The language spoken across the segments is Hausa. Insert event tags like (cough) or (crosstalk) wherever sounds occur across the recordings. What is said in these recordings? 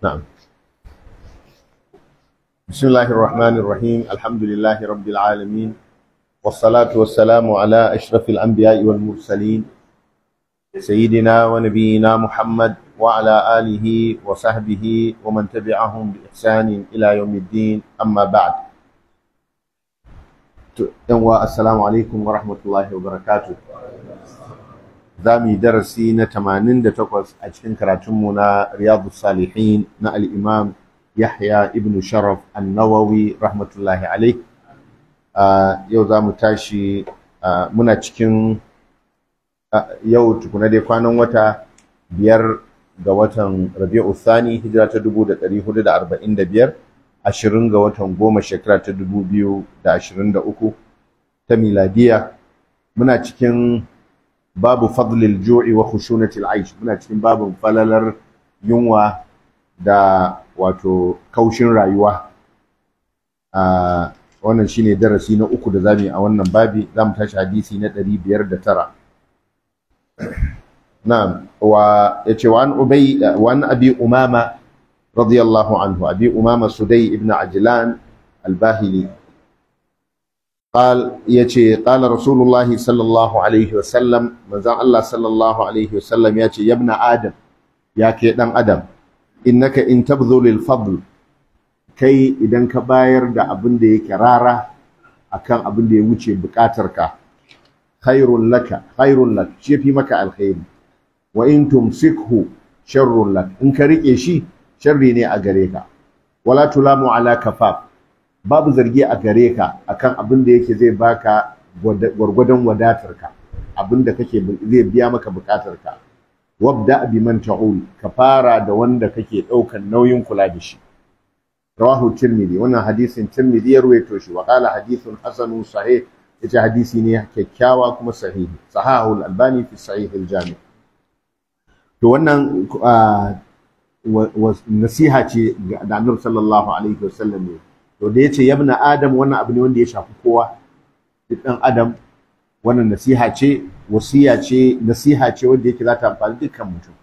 نعم بسم الله الرحمن الرحيم الحمد لله رب العالمين والصلاة والسلام على أشرف الأنبياء والمرسلين سيدنا ونبينا محمد وعلى آله وصحبه ومن تبعهم بإحسان إلى يوم الدين أما بعد السلام عليكم ورحمة الله وبركاته za mu yi darasi na 88 a cikin karatunmu na riyadu salihin na al'imam yahya ibn sharaf annawawi rahmatullahi alai. yau za mu tashi muna cikin yau tukuna dai kwanan wata biyar ga watan rabi'u Sani, hijira ta 1445 ashirin ga watan goma shekara ta 2023 ta miladiya muna cikin babu fadlil ju'i wa khushunatil aish muna cikin babin falalar yunwa da wato kaushin rayuwa a wannan shine darasi na uku da zamu yi a wannan babi zamu tashi hadisi na 509 (clears throat) na'am wa yace wa an ubay wa an abi umama radiyallahu anhu abi umama sudai ibn ajlan al-bahili قال يتي قال رسول الله صلى الله عليه وسلم مزان الله صلى الله عليه وسلم يتي يا ابن آدم يا كيدان آدم إنك إن تبذل الفضل كي إذن كباير دا أبن دي كرارة أكان أبن دي وچي بكاترك خير لك خير لك شي في مكة الخير وإن تمسكه شر لك إن كريك شي شر ني أغريك ولا تلام على كفاف babu zargi a gare ka akan abin da yake zai baka gwargwadon wadatarka abin da kake zai biya maka bukatarka wabda man ta'ul ka fara da wanda kake ɗaukan nauyin kula da shi rawahu tirmidhi wannan hadisin tirmidhi ya ruwaito shi wa qala hadithun hasanu sahih yace hadisi ne kyakkyawa kuma sahihi sahahu al-albani fi sahih al-jami to wannan ah, nasiha ce da annabi sallallahu alaihi wasallam ne to da yace yabna adam wannan abu ne wanda ya shafi kowa duk dan adam wannan nasiha ce wasiya ce nasiha ce wanda yake za ta amfani dukkan mutum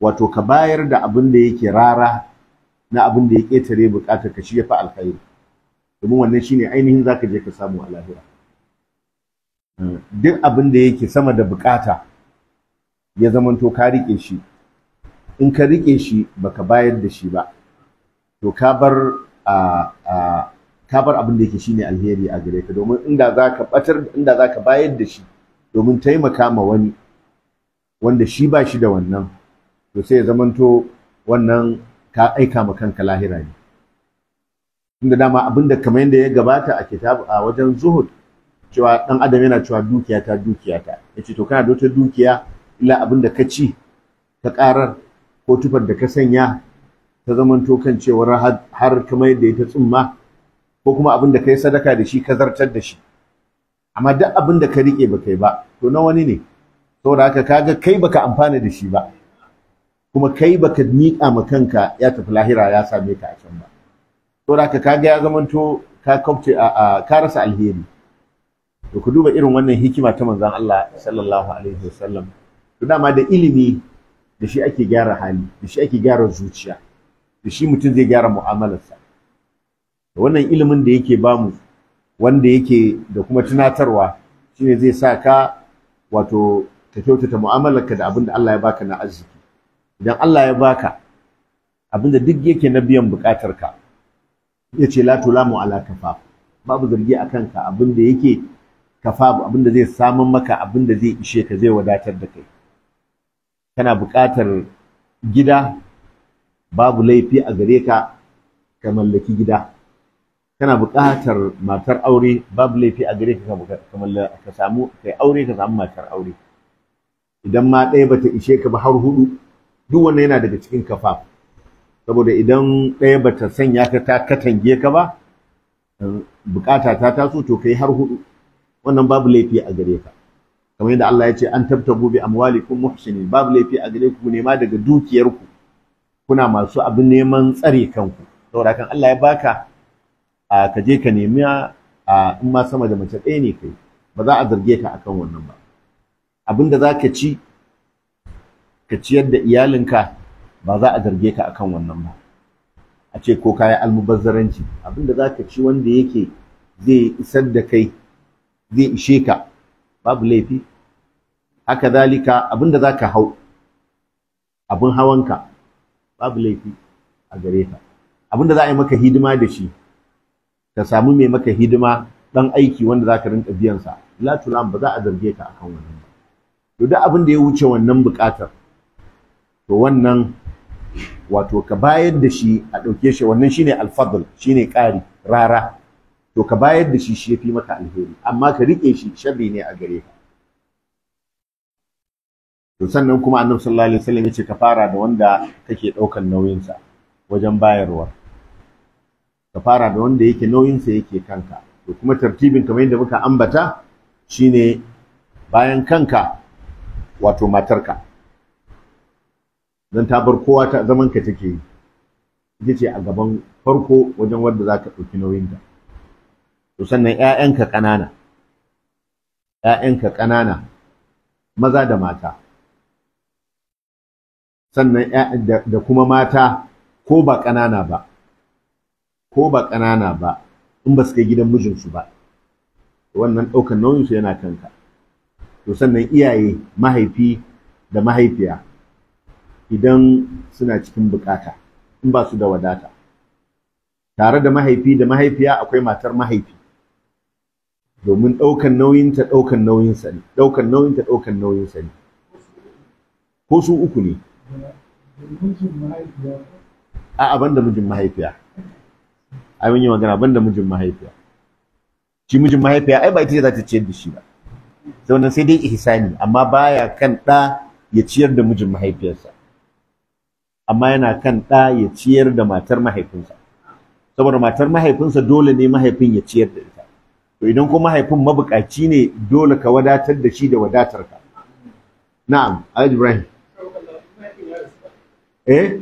wato ka bayar da abin da yake rara na abin da ya ketare bukatar ka shi ya fi alkhairi domin wannan shine ainihin zaka je ka samu a lahira duk abin da yake sama da bukata ya zamanto ka rike shi in ka rike shi baka bayar da shi ba to ka bar ka bar abin da yake shine alheri a gare ka domin inda zaka batar inda zaka bayar da shi domin taimaka ma wani wanda shi ba shi da wannan to sai ya zamanto wannan ka aika ma kanka lahira ne inda dama abin da kamar yadda ya gabata a kitab a wajen zuhud cewa dan adam yana cewa dukiya ta dukiya ta yace to kana da wata dukiya illa abin da ka ci ka karar ko tufar da ka sanya ta to kan cewar har kamar yadda ita tsumma ko kuma abin da kai sadaka da shi ka zartar da shi amma duk abin da ka rike ba kai ba to na wani ne saboda haka kaga kai baka amfana da shi ba kuma kai baka miƙa ma kanka ya tafi lahira ya same ka a can ba saboda haka kaga ya zamanto ka kauce a ka rasa alheri to ku duba irin wannan hikima ta manzon Allah sallallahu alaihi wasallam to dama da ilimi da shi ake gyara hali da shi ake gyara zuciya da shi mutum zai gyara mu'amalarsa wannan ilimin da yake bamu wanda yake da kuma tunatarwa shine zai sa ka wato ka kyautata mu'amalarka da abin da Allah ya baka na arziki idan Allah ya baka abin da duk yake na biyan bukatarka ya ce la tulamu ala kafa babu zargi a kanka abin da yake kafa abin da zai samun maka abin da zai ishe ka zai wadatar da kai kana bukatar gida babu laifi a gare ka ka mallaki gida kana buƙatar matar aure babu laifi a gare ka ka samu kai aure ka samu matar aure idan ma ɗaya bata ishe ka ba har hudu duk wannan yana daga cikin kafa saboda idan ɗaya bata sanya ka ta katange ka ba eh, bukata ta taso to kai har hudu wannan babu laifi a gare ka kamar yadda Allah ya ce an tabtabu bi amwalikum muhsinin babu laifi a gare ku nema daga dukiyarku kuna masu abin neman tsare kanku saboda kan Allah ya baka ka je ka nemi in ma sama da mace ɗaya ne kai ba za a zarge ka akan wannan ba abin da za ka ci ka ciyar da iyalinka ba za a zarge ka akan wannan ba a ce ko kayan almubazzaranci abin da za ka ci wanda yake zai isar da kai zai ishe ka babu laifi haka zalika abin za ka hau abin hawanka babu laifi a gare ka abinda za a yi maka hidima da shi ka samu mai maka hidima dan aiki wanda za ka rinka biyan sa la tulam ba za a zarge ka akan wannan ba to duk abin da ya wuce wannan bukatar to wannan wato ka bayar da shi a ɗauke shi wannan shine alfadl shine ƙari rara to ka bayar da shi shi ya fi maka alheri amma ka rike shi sharri ne a gare ka to sannan kuma annabi sallallahu alaihi wasallam yace ka fara da wanda kake ɗaukan nauyinsa wajen bayarwa ka fara da wanda yake nauyinsa yake kanka to kuma tartibin kamar yadda muka ambata shine bayan kanka wato matarka don ta bar kowa ta zaman ka take yi ce a gaban farko wajen wanda zaka ka ɗauki nauyinta to sannan 'ya'yanka ƙanana 'ya'yanka ƙanana maza da mata sannan da kuma mata ko ba ƙanana ba ko ba ƙanana ba in ba su kai gidan mijinsu ba wannan ɗaukar nauyinsu yana kanka to sannan iyaye mahaifi da mahaifiya idan suna cikin bukata in ba su da wadata tare da mahaifi da mahaifiya akwai matar mahaifi domin ɗaukan nauyinta ɗaukan nauyinsa ne ɗaukan nauyinta ɗaukan nauyinsa ne ko su uku ne A'a ban da mijin mahaifiya. Ai mun yi magana ban da mijin mahaifiya. Shi mijin mahaifiya ai ba ita ce za ta ciyar da shi ba. Sai sai dai ihsani amma baya kan ɗa ya ciyar da mijin mahaifiyarsa. Amma yana kan ɗa ya ciyar da matar mahaifinsa. Saboda matar mahaifinsa dole ne mahaifin ya ciyar da ita. To idan ko mahaifin mabukaci ne dole ka wadatar da shi da wadatarka. Na'am, Alhaji Ibrahim. eh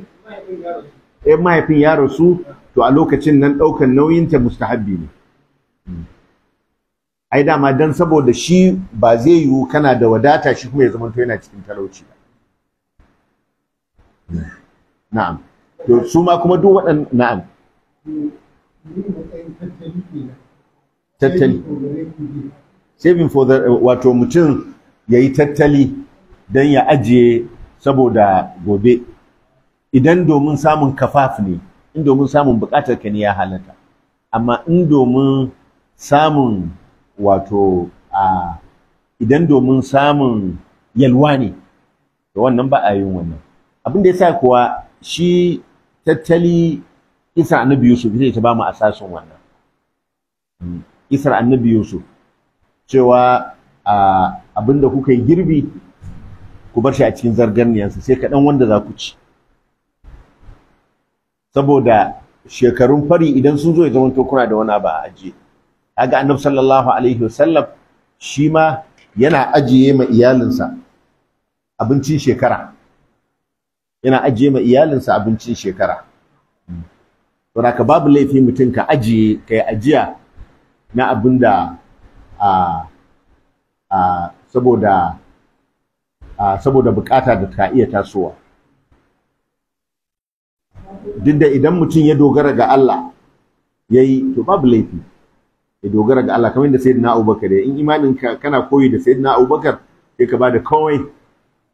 eh mahaifin ya rasu to a lokacin nan ɗaukan nauyinta mustahabbi ne ai dama dan saboda shi ba zai yiwu kana da wadata shi kuma ya zama to yana cikin talauci ba. na'am to su ma kuma duk waɗannan na'am tattali saving for the wato mutum ya yi tattali don ya ajiye saboda gobe idan domin samun kafaf ne in domin samun buƙatar ka ne ya halatta amma in domin samun wato a idan domin samun yalwa ne to wannan ba a yin wannan abin da yasa kuwa shi tattali isar annabi yusuf zai ta ba mu asasin wannan isar annabi yusuf cewa abin da kuka yi girbi ku bar shi a cikin zarganiyarsa, sai kaɗan wanda za ku ci saboda shekarun fari idan sun zo ya zama kuna da wani abu a ajiye kaga annabi sallallahu alaihi wasallam shi ma yana ajiye ma iyalinsa abincin shekara yana ajiye ma iyalinsa abincin shekara don haka babu laifi mutum ka ajiye kai ajiya na abin da a a saboda a saboda bukata da ka iya tasowa duk da idan mutum ya dogara ga Allah ya yi to babu laifi ya dogara ga Allah kamar da sayyidina Abubakar ya in imanin ka kana koyi da sayyidina Abubakar sai ka bada kawai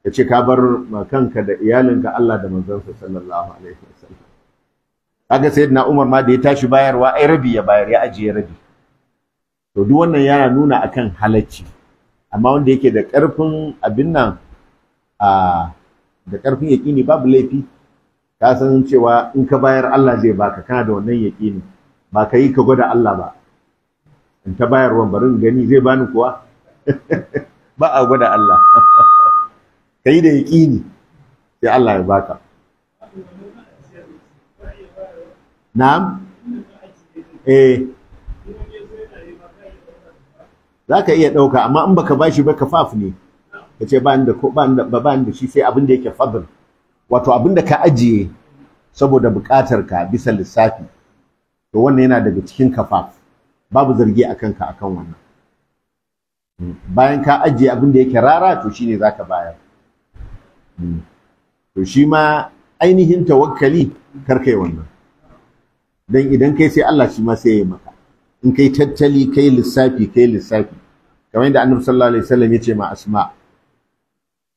Ya ce ka bar kanka da iyalinka Allah da manzansa sallallahu alaihi wasallam kaga sayyidina Umar ma da ya tashi bayarwa ai rabi ya bayar ya ajiye rabi to duk wannan yana nuna akan halacci amma wanda yake da ƙarfin abin nan a da ƙarfin yaƙini babu laifi ka san cewa in ka bayar Allah zai baka kana da wannan yaƙini ba ka yi ka gwada Allah ba in ta bayar wa barin gani zai bani kuwa (laughs) ba a gwada Allah (laughs) ka yi da yaƙini sai Allah ya baka na'am eh za ka iya ɗauka amma in baka bashi ba kafaf ne ka ce ba ni da shi sai abin da yake fadl wato abin da ka ajiye saboda buƙatar ka bisa lissafi to wannan yana daga cikin kafa babu zargi a kanka akan wannan bayan ka ajiye abin da yake rara to shine zaka bayar to shi ma ainihin tawakkali karkai wannan dan idan kai sai Allah shi ma sai ya maka in kai tattali kai lissafi kai lissafi kamar yadda Annabi sallallahu alaihi wasallam ya ce ma Asma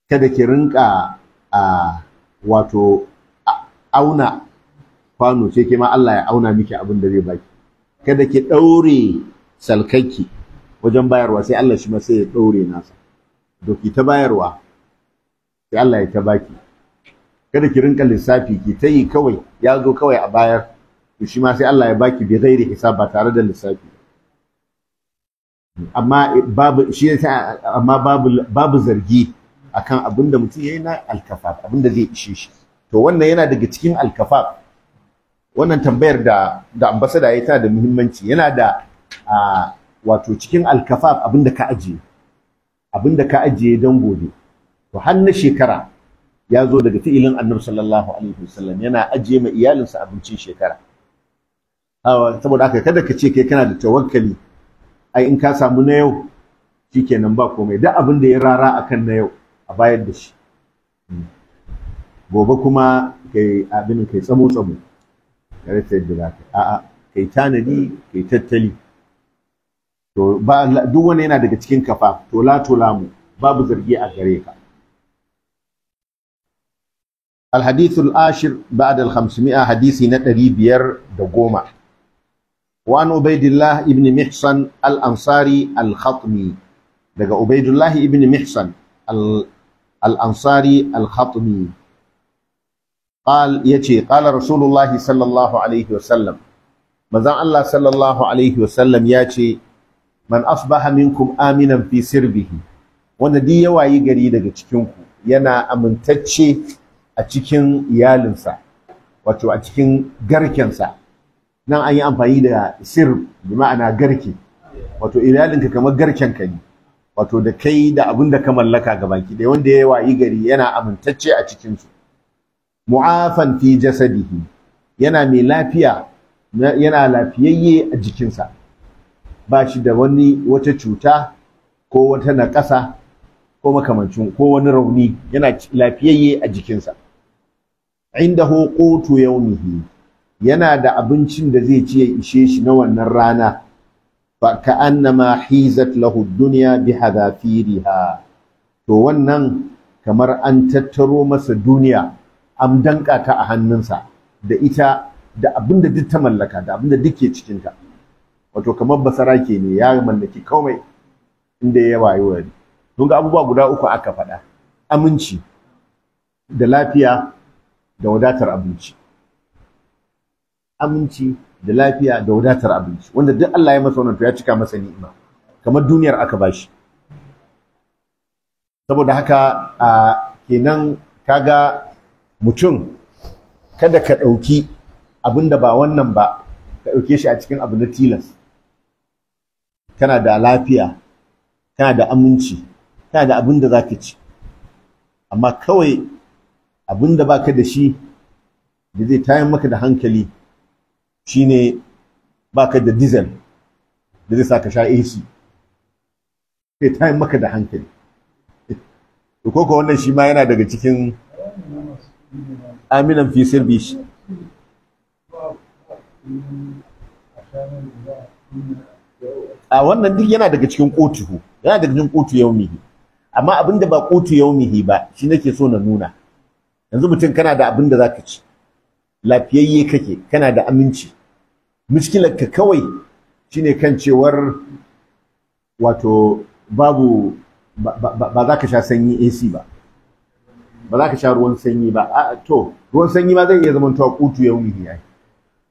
kada ki rinka a ah, wato auna kwano ce ke ma Allah ya auna miki abin da zai baki kada ki ɗaure salkanki wajen bayarwa sai Allah shi ma sai ya ɗaure nasa ki ta bayarwa sai Allah ya ta baki kada ki rinka lissafi ki ta yi kawai ya zo kawai a bayar to shi ma sai Allah ya baki bai gairi hisab ba tare da lissafi amma babu shi amma babu babu zargi akan abin da mutum yayi na alkafaf abin da zai ishe shi to wannan yana daga cikin alkafaf wannan tambayar da da ambasada yayi tana da muhimmanci yana da wato cikin alkafaf abin da ka ajiye abin ka ajiye don gobe to har na shekara ya zo daga fi'ilin annabi sallallahu alaihi wasallam yana ajiye ma iyalinsa abincin shekara saboda haka kada ka ce kai kana da tawakkali ai in ka samu na yau shikenan ba komai duk abin da ya rara akan na yau a bayar da shi gobe kuma kai abin kai tsamo tsamo kare ta yadda za ka a'a kai tanadi kai tattali to ba duk wani yana daga cikin kafa tola la mu babu zargi a gare ka الحديث العاشر بعد الخمسمائة حديث ندري بير دقومة وعن عبيد الله ابن محصن الأنصاري الخطمي دقى عبيد الله ابن محصن al-ansari al-khatmi qal yace qala rasulullah sallallahu alaihi wasallam manzon Allah sallallahu alaihi wasallam yace man asbaha minkum aminan fi sirbihi wanda duk ya wayi gari daga cikin yana amintacce a cikin iyalinsa wato a cikin garkensa nan an yi amfani da sirb bi ma'ana garke wato iyalinka kamar ka ne wato da kai da abin da ka mallaka ga baki ɗaya wanda ya wayi gari yana amintacce a cikinsu mu'afan fi jasadihi yana mai lafiya yana lafiyayye a jikinsa ba shi da wani wata cuta ko wata naƙasa ko makamancin ko wani rauni yana lafiyayye a jikinsa indahu qutu yawmihi yana da abincin da zai ci ya ishe shi na wannan rana ka'annama hizat lahu dunya bi to wannan kamar an tattaro masa duniya an danka ta a hannunsa da ita da abinda duk ta mallaka da abinda duk ke cikin ta wato kamar basarake ne ya mallaki komai inda ya wayo wari don ga abubuwa guda uku aka faɗa aminci da lafiya da wadatar abinci aminci da lafiya da wadatar abinci wanda duk Allah ya masa wannan to ya cika masa ni'ima kamar duniyar aka bashi saboda haka a kenan kaga mutum kada ka ɗauki abin ba wannan ba ka ɗauke shi a cikin abu na tilas kana da lafiya kana da aminci kana da abin da za ka ci amma kawai abinda baka da shi da zai tayar maka da hankali shine baka da diesel da zai saka sha AC Kai ta yi maka da hankali to koko wannan shi ma yana daga cikin aminan fi sirbi a wannan duk yana daga cikin kotuhu yana daga cikin kotu yaumihi amma abinda ba kotu yaumihi ba shi nake so na nuna yanzu mutum kana da abinda zaka ci lafiyayye kake kana da aminci ka kawai shine kan cewar wato babu ba za ka sha sanyi AC ba ba za ka sha ruwan sanyi ba a to ruwan sanyi ma zai iya zama tawa kutu ya wuni ya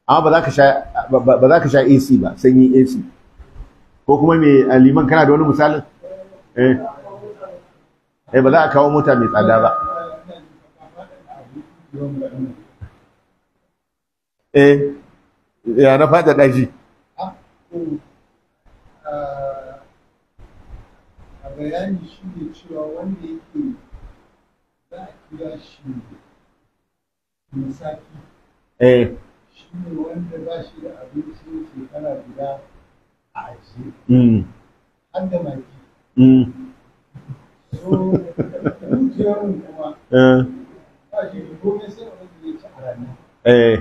amma ba za ka sha ba za ka sha AC ba sanyi AC ko kuma me liman kana da wani misalin eh eh ba za a kawo mota mai tsada ba eh ya na fada daji ah, ah, a bayani shi ne cewa wanda yake za a kira shi musafi eh shi ne wanda ba shi da abinci shekara guda a ajiye mm. har da maki mm. so dukiyar kuma eh. ba shi da komai sai wanda ya ci a ranar eh.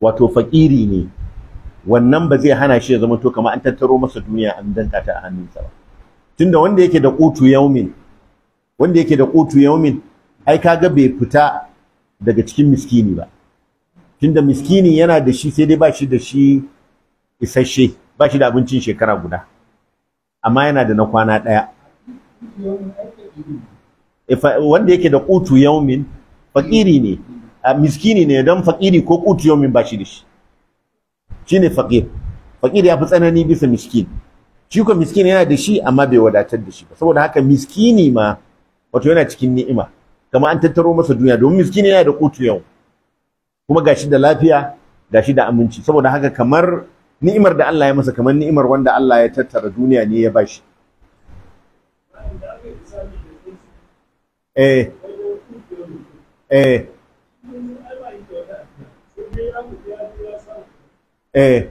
wato fakiri ne wannan ba zai hana shi ya zama to kamar an tattaro masa duniya an danka ta a hannunsa ba tunda wanda yake da qutu yaumin wanda yake da qutu yaumin ai kaga bai fita daga cikin miskini ba tunda miskini yana da shi sai dai ba shi da shi isasshe ba shi da abincin shekara guda amma yana da na kwana ɗaya wanda yake da qutu yaumin fakiri ne miskini ne don fakiri ko yau min bashi da shi shine fakir fakir ya fi tsanani bisa miskin shi ko miskin yana da shi amma bai wadatar da shi ba saboda haka miskini ma wato yana cikin ni'ima kama an tattaro masa duniya domin miskini yana da kutu yau kuma gashi da lafiya gashi da aminci saboda haka kamar ni'imar da Allah ya masa kamar ni'imar wanda Allah ya tattara duniya ne ya bashi eh eh eh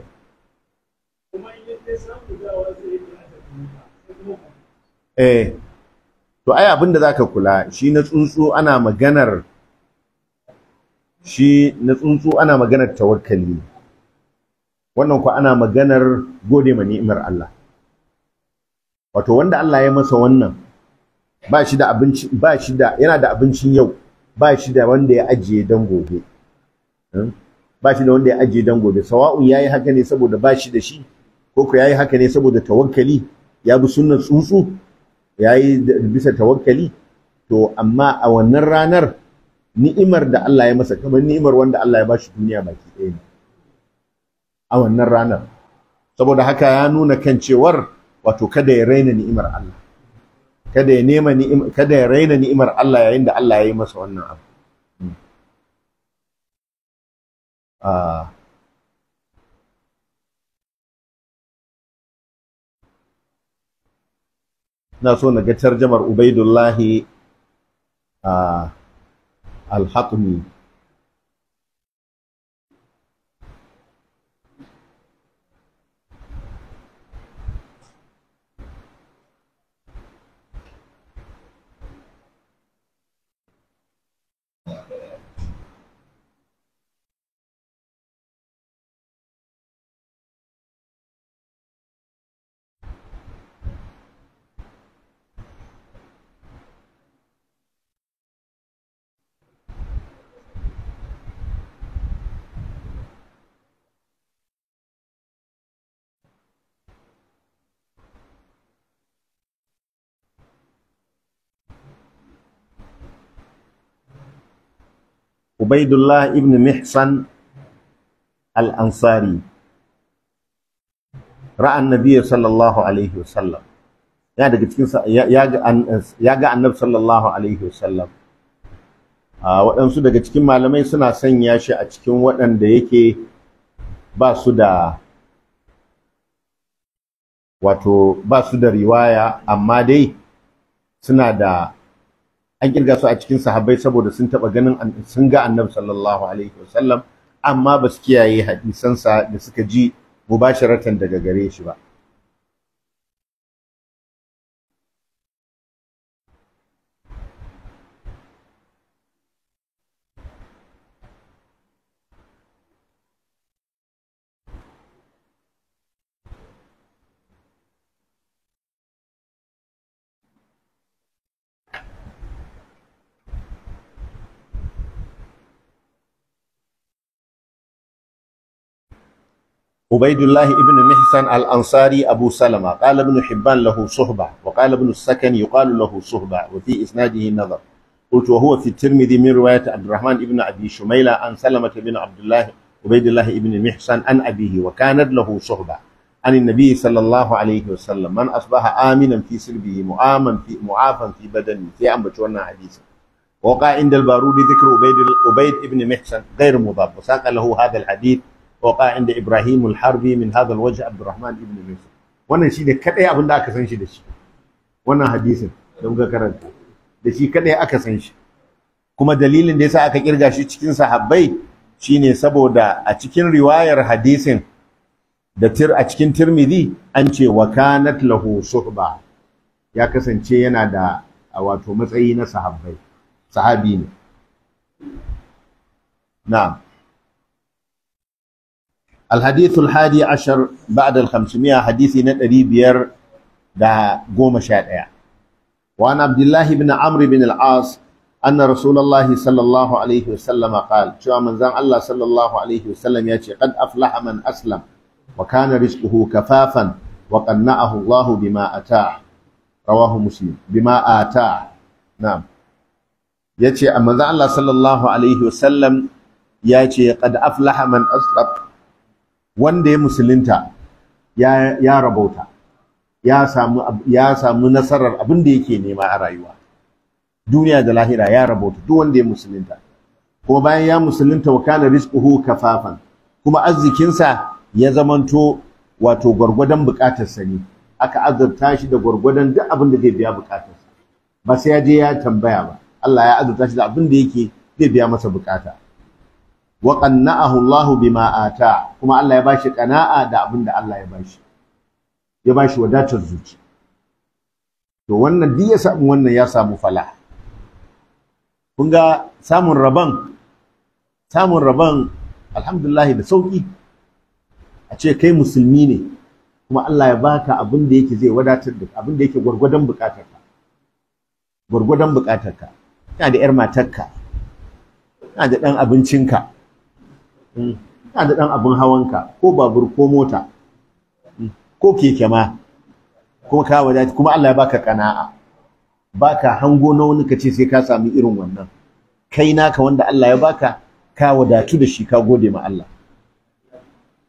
eh to ai abin da zaka kula shi na tsuntsu ana maganar shi na tsuntsu ana maganar tawakkali wannan ku ana maganar gode ma ni'imar Allah wato wanda Allah ya masa wannan ba shi da abinci ba shi da yana da abincin yau ba shi da wanda ya ajiye dan gobe hmm? ba shi da wanda ya ajiye dan gobe sawa'un yayi haka ne saboda ba shi da shi ko ko yayi haka ne saboda tawakkali ya bi sunnar tsuntsu yayi bisa tawakkali to amma a wannan ranar ni'imar da Allah ya masa kamar ni'imar wanda Allah ya ba shi duniya baki ɗaya ne a wannan ranar saboda haka ya nuna kan cewar wato kada ya raina ni'imar Allah kada ya nema ni'ima kada ya raina ni'imar Allah yayin da Allah ya yi masa wannan abu hmm. ah. na so na ga tarjamar Ubaidullahi a ah, al-Hatmi ubaidullah ibn mihsan al-ansari ra'an nabiyyu sallallahu alaihi wasallam ya daga cikin ya ga annab sallallahu alaihi wasallam ah, waɗansu daga cikin malamai suna sanya shi a cikin waɗanda yake ba su da wato ba su da riwaya amma dai suna da an kirga su a cikin sahabbai saboda sun taɓa ganin sun ga annabi sallallahu alaihi wasallam amma ba su kiyaye hadisansa da suka ji mubasharatan daga gare shi ba Ubaidulahi ibn Mihsan al-Ansari Abu Salama, ƙala ibn Hibban lahu suhba, wa ƙala ibn Sakan yuqalu lahu suhba, wa fi isnadihi nazar. Qultu wa huwa fi min riwayat Abdurrahman ibn Abi Shumaila an Salama ibn Abdullah Ubaidullahi ibn Mihsan an abihi wa kanat lahu suhba. An nabiyyi sallallahu alayhi wa sallam man asbaha aminan fi sirbihi mu'aman fi mu'afan fi badani fi ambata wannan hadisi. Wa qa'inda al-Barudi dhikru Ubaid ibn Mihsan ghayr mudhab. Saqala lahu hadha al وقع عند إبراهيم الحربي من هذا الوجه عبد الرحمن ابن يوسف wannan shine kadai abin da aka san shi da shi wannan hadisin da muka karanta da shi kadai aka san shi kuma dalilin da yasa aka kirga shi cikin sahabbai shine saboda a cikin riwayar hadisin da a cikin tirmidhi an ce wa kanat lahu suhba ya kasance yana da wato matsayi na sahabi ne الحديث الحادي عشر بعد الخمسمائة حديث ندري بير دا قوم شائع وعن عبد الله بن عمرو بن العاص أن رسول الله صلى الله عليه وسلم قال شو من زان الله صلى الله عليه وسلم يأتي قد أفلح من أسلم وكان رزقه كفافا وقنعه الله بما أتاه رواه مسلم بما آتاه نعم يأتي أما زان الله صلى الله عليه وسلم يأتي قد أفلح من أسلم wanda ya musulunta ya, ya rabauta ya samu, nasarar abin da yake nema a rayuwa duniya da lahira ya rabauta duk wanda ya musulunta kuma bayan ya musulunta wa kana rizquhu kafafan kuma arzikinsa ya zamanto wato gwargwadon bukatarsa ne aka azurta shi da gwargwadon duk abin da zai biya sa. ba sai ya je ya tambaya ba Allah ya azurta shi da abin da yake zai biya masa bukata wa qanna'ahu Allahu bima ata kuma Allah ya bashi qana'a da abin da Allah ya bashi ya bashi wadatar zuci to wannan duk ya samu wannan ya samu fala kun ga samun rabon samun rabon alhamdulillah da sauki a ce kai musulmi ne kuma Allah ya baka abin da yake zai wadatar da abin da yake gwargwadon bukatarka gwargwadon bukatarka ina da yar matarka ina da dan abincinka Ina da ɗan abin hawanka ko babur ko mota hmm. ko keke ma kuma ka wadata kuma Allah ya baka kana'a baka hango na wani kace sai ka sami irin wannan kai naka wanda Allah ya baka ka wadatu da shi ka gode ma Allah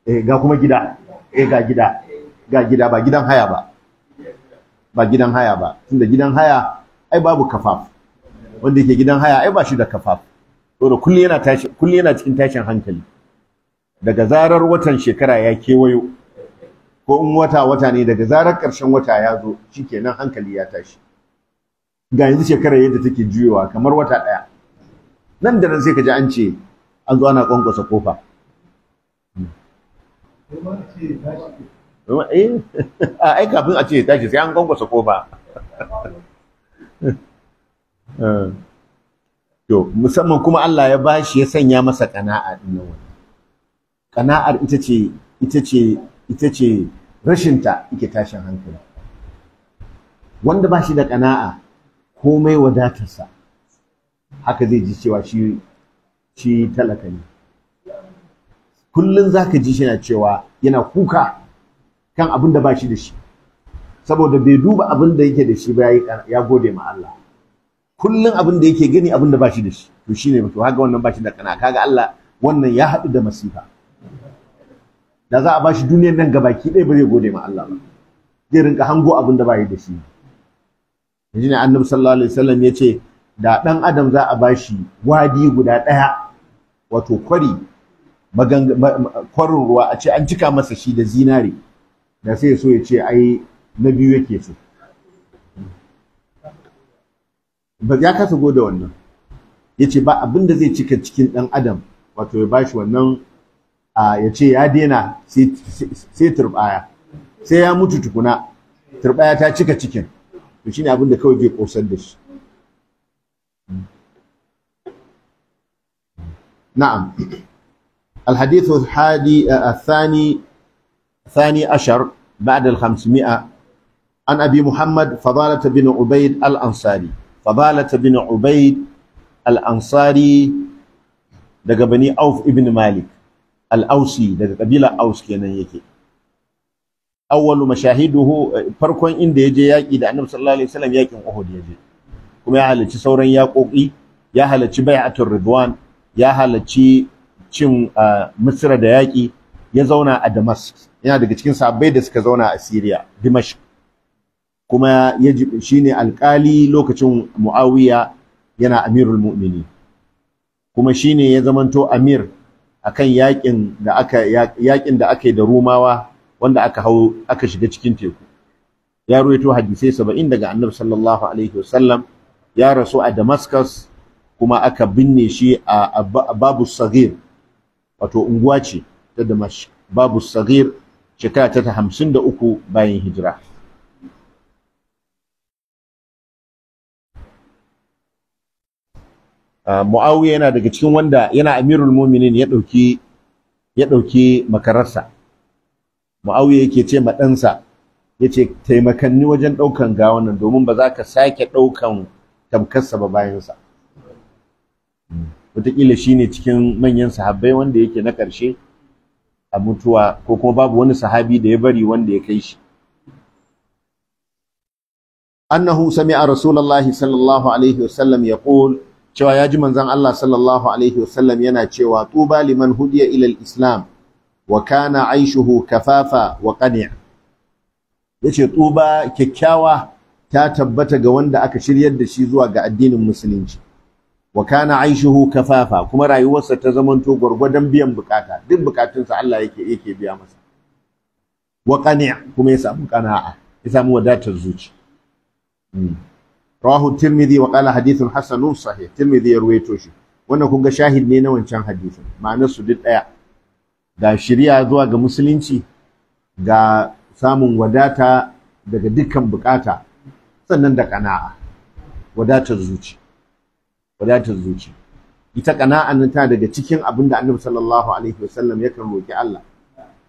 eh ga kuma gida eh ga gida ga gida ba gidan haya ba ba gidan haya ba tunda gidan haya ai babu kafaf wanda yake gidan haya ai ba shi da kafaf saboda kullu yana tashi kullu yana cikin tashin hankali daga zarar watan shekara ya kewayo ko in wata wata ne daga zarar ƙarshen wata ya zo shikenan hankali ya tashi ga yanzu shekara yadda take juyowa kamar wata ɗaya nan da nan sai ka ji an ce an zo ana kwankwasa kofa a eh, ai kafin a ce tashi sai an kwankwasa kofa eh, to musamman kuma Allah ya bashi ya sanya masa kana'a ɗin nan ƙana'ar ita ce ita ce ita ce rashinta ike tashin hankali wanda ba shi da ƙana'a komai wadatarsa haka zai ji cewa shi shi talaka ne kullum za ka ji shi na cewa yana kuka kan abin da ba shi da shi saboda bai duba abin da yake da shi ba ya gode ma Allah kullum abin da yake gani abin da ba shi da shi to shine to haka wannan ba shi da kana kaga Allah wannan ya haɗu da masifa da za a ba shi duniyar nan ga baki ɗaya ba zai gode ma Allah ba zai rinka hango abin da bai da shi yanzu ne annabi sallallahu alaihi wasallam ya ce da ɗan adam za a ba shi wadi guda ɗaya wato kwari kwarin ruwa a ce an cika masa shi da zinare da sai so ya ce ai na biyu yake so ba ya kasa gode wannan ya ce ba abin da zai cika cikin ɗan adam wato ya bashi wannan ya ce ya daina sai turbaya sai ya mutu tukuna turbaya ta cika cikin to shine abin da kawai zai kosar da shi na'am الحديث الحادي الثاني الثاني عشر بعد الخمسمائة عن أبي محمد فضالة بن عبيد الأنصاري فضالة بن عبيد الأنصاري دقى بني أوف ابن مالك al-ausi daga kabilar aus kenan yake awwalu mashahiduhu farkon inda yaje yaƙi da annabi sallallahu alaihi wasallam yakin uhud yaje kuma ya halarci sauran yaƙoƙi ya halarci bai'atul ridwan ya halarci cin misra da yaƙi ya zauna a damask yana daga cikin sabbai da suka zauna a syria dimashq kuma ya shine alƙali lokacin muawiya yana amirul mu'mini kuma shine ya zamanto amir akan yakin da aka yakin da aka yi da Rumawa wanda aka hau aka shiga cikin teku ya ruwaito hadisai 70 daga Annabi sallallahu alaihi wasallam ya rasu a Damascus kuma aka binne shi a Babu Saghir wato unguwa ce ta Damascus Babu Saghir shekara ta 53 bayan hijira Ah, Muawiya yana daga cikin wanda yana Amirul Mu'minin ya dauki ya dauki makararsa Muawiya yake ce ma ɗansa yace taimakan ni wajen daukan gawan nan domin ba za ka sake daukan tamkarsa ba bayan sa wataƙila shine cikin manyan sahabbai wanda yake na ƙarshe a mutuwa ko kuma babu wani sahabi da ya bari wanda ya kai shi annahu sami'a rasulullahi sallallahu alaihi wasallam yaqul cewa ya ji manzan Allah sallallahu alaihi wasallam yana cewa tuba liman hudiya ya islam wa kana aishuhu kafafa wa Ya yace tuba kyakkyawa ta tabbata ga wanda aka shiryar da shi zuwa ga addinin musulunci wa kana aishuhu kafafa kuma rayuwarsa ta zamanto gwargwadon biyan bukata duk bukatunsa Allah yake yake biya masa wa qani' kuma ya samu qana'a ya samu wadatar zuci hmm. rawahu tirmidhi wa qala hadithun hasanun sahih tirmidhi ya ruwaito shi wannan kun ga shahid ne na wancan hadisin ma'anar su duk daya ga shirya zuwa ga musulunci ga samun wadata daga dukkan bukata sannan da kana'a wadatar zuci wadatar zuci ita kana'a nan ta daga cikin abin da annabi sallallahu alaihi wasallam yakan roki Allah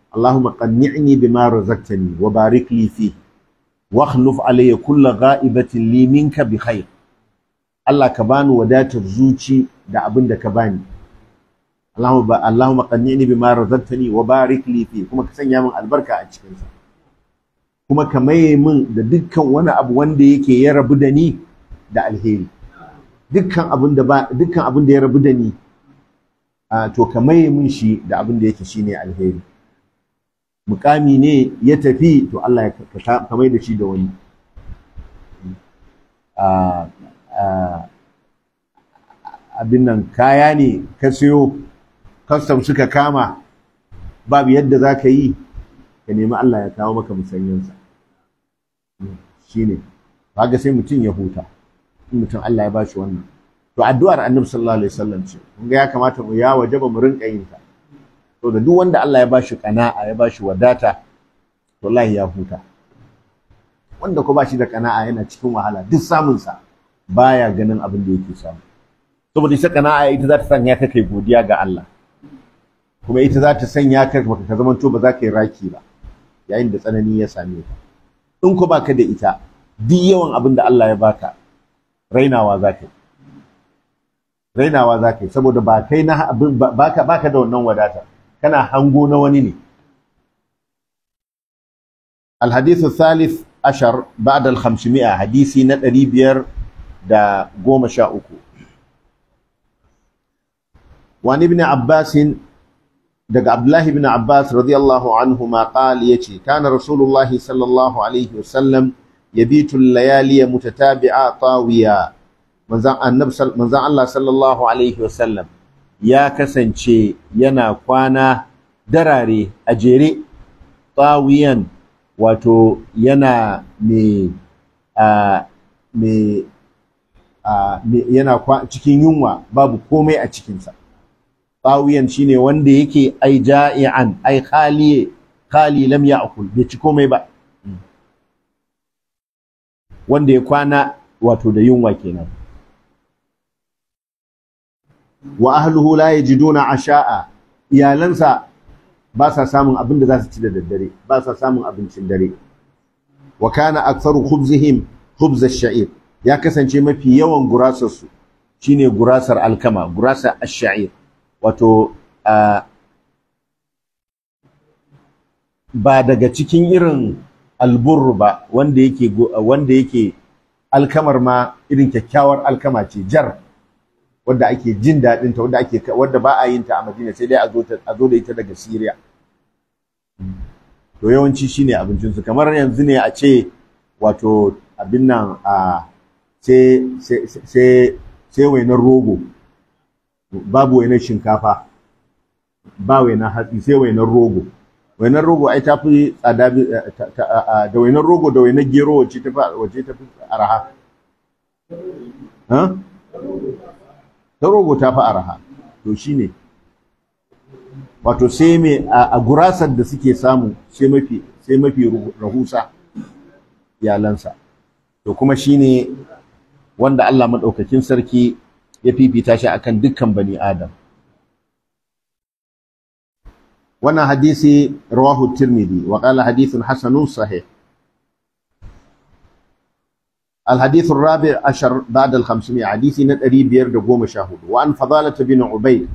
Allahumma qanni'ni bima razaqtani wa barik li fihi واخلف علي كل غائبة لي منك بخير الله كبان وداتر زوجي دا أبن دا كباني اللهم ب... اللهم قنعني بما رزقتني وبارك لي فيه كما كسنيا من البركة أتشكنسا كما كمي من دا دكا وانا أبو وان دي كي يرب دني دا الهيري دكا أبن دا با... دكا أبن دا يرب دني آه تو كمي من شي دا أبن دي كي شيني الهيري mukami ne ya tafi to Allah ya kamai da shi da wani abin nan kaya ne ka siyo custom suka kama babu yadda za ka yi ka nemi Allah ya kawo maka musanyensa hmm, shi ne ga sai mutum ya huta mutum Allah ya ba shi wannan to addu'ar annabi sallallahu alaihi wasallam ce kun ga ya kamata mu ya wajaba mu rinka yin ta to da duk wanda Allah ya bashi kana'a ya shi wadata Allah ya huta wanda ko shi da kana'a yana cikin wahala duk samun sa baya ganin abin da yake samu saboda ita kana'a ita za ta sanya ka kai godiya ga Allah kuma ita za ta sanya ka ka zamanto ba za ka yi raki ba yayin da tsanani ya same ka in ko baka da ita duk yawan abin da Allah ya baka rainawa za ka rainawa za ka saboda ba kai na baka baka da wannan wadatar kana hango na wani ne alhadisu thalith ashar ba'd al khamsimi'a hadisi na ɗari biyar da goma sha uku wani ibn abbas daga abdullahi ibn abbas radiyallahu anhu ma qala yace kana rasulullahi sallallahu alaihi wasallam yabitu al-layali mutatabi'a tawiya manzan annab manzan allah sallallahu alaihi wasallam ya kasance yana kwana darare a jere tsawiyan wato yana mai yana cikin yunwa babu komai a cikinsa tsawiyan shine wanda yake ai ja'i'an ai khaliye khali lam ya'kul bai ci komai ba mm. wanda ya kwana wato da yunwa kenan wa ahluhu la yajiduna asha'a iyalansa ba sa samun abin da za su ci da daddare ba sa samun abincin dare wa kana aktharu khubzihim khubz ash-sha'ir ya kasance mafi yawan gurasar su shine gurasar alkama gurasar ash-sha'ir wato ba daga cikin irin albur ba wanda yake wanda yake alkamar ma irin kyakkyawar alkama ce jar wadda ake jin daɗin ta wadda ake wadda ba a yin ta a Madina sai dai a zo a zo da ita daga Syria to yawanci shine abincin su kamar yanzu ne a ce wato abin nan a sai sai sai wainar rogo babu wainar shinkafa ba wainar hatsi sai wainar rogo wainar rogo ai ta fi tsada eh, da wainar rogo da wainar gero wacce ta fi araha ta rogo ta fi araha to shi ne. wato sai mai a gurasar da suke samu sai mafi rahusa iyalansa to kuma shi ne wanda Allah maɗaukakin sarki ya fifita shi kan dukkan bani adam wannan hadisi rawahu tirmidhi wa qala hadithun hasanun sahih الحديث الرابع عشر بعد الخمسمائة حديث ندري بيرد قوم شاهد وأن فضالة بن عبيد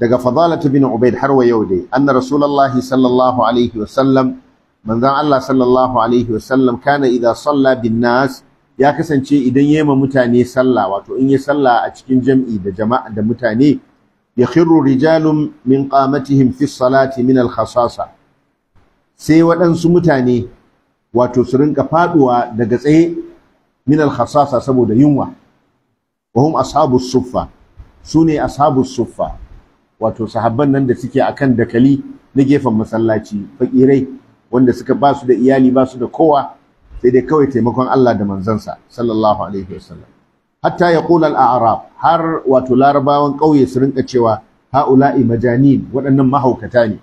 دقى فضالة بن عبيد حروى يودي أن رسول الله صلى الله عليه وسلم من ذا الله صلى الله عليه وسلم كان إذا صلى بالناس ya kasance idan ya ma mutane sallah wato in yi sallah a cikin jam'i da mutane ya khirru rijalun min qamatihim fi salati min al sai waɗansu mutane wato su rinka faɗuwa daga tsaye min al saboda yunwa wa hum ashabus suffa sune ashabus suffa wato sahabban nan da suke akan dakali na gefen masallaci fakirai wanda suka ba su da iyali ba su da kowa sai dai kawai taimakon Allah da manzansa sallallahu alaihi wasallam hatta yaqul al-a'rab har wato larabawan kauye su rinka cewa ha'ula'i majanin waɗannan mahaukata ne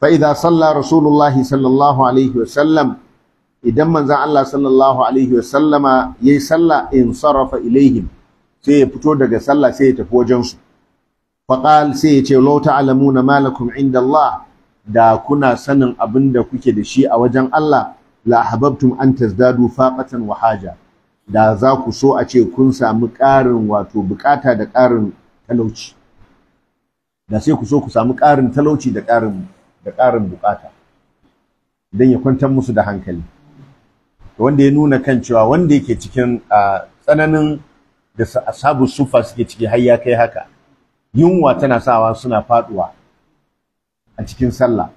fa idza salla rasulullahi sallallahu alaihi wasallam idan manzon Allah sallallahu alaihi wasallama yayi sallah in sarrafa ilaihim sai ya fito daga sallah sai ya tafi wajensu. su sai ya ce Lauta alamu na malakun inda Allah da kuna sanin abin da kuke da shi a wajen Allah la hababtum an tazdadu faƙatan wa haja da za ku so a ce kun samu ƙarin wato buƙata da ƙarin talauci da sai ku so ku samu ƙarin talauci da ƙarin buƙata. don ya kwantar musu da hankali wanda ya nuna kan cewa wanda yake cikin tsananin da asabu sufa suke ciki har ya kai haka yunwa tana sawa suna faduwa a cikin sallah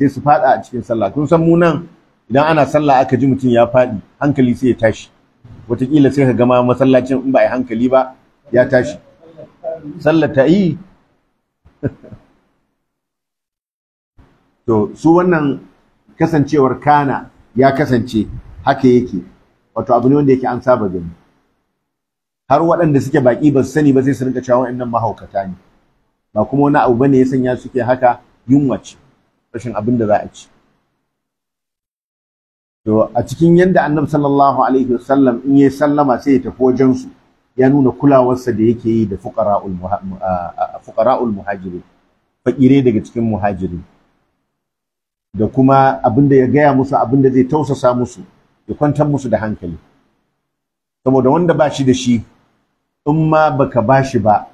sai su fada a cikin sallah kun san mu nan idan ana sallah aka ji mutum ya fadi hankali sai ya tashi wataƙila sai ka gama masallacin in ba a hankali ba ya tashi sallah ta yi (laughs) to su wannan kasancewar kana ya kasance haka yake wato abu ne wanda yake an saba gani har waɗanda suke baki ba su sani ba sai su rinka cewa wa'annan mahaukata ne ba kuma wani abu bane ya sanya suke haka yunwa ce rashin abin da za a ci to a cikin yanda annabi sallallahu alaihi wasallam in ya sallama sai ya tafi wajen su ya nuna kulawarsa da yake yi da fuqara'ul fuqara'ul muhajirin fakire daga cikin muhajirin, da kuma abinda ya gaya musu abinda zai tausasa musu ya kwantar musu da hankali saboda wanda ba shi da shi in ma baka ba shi ba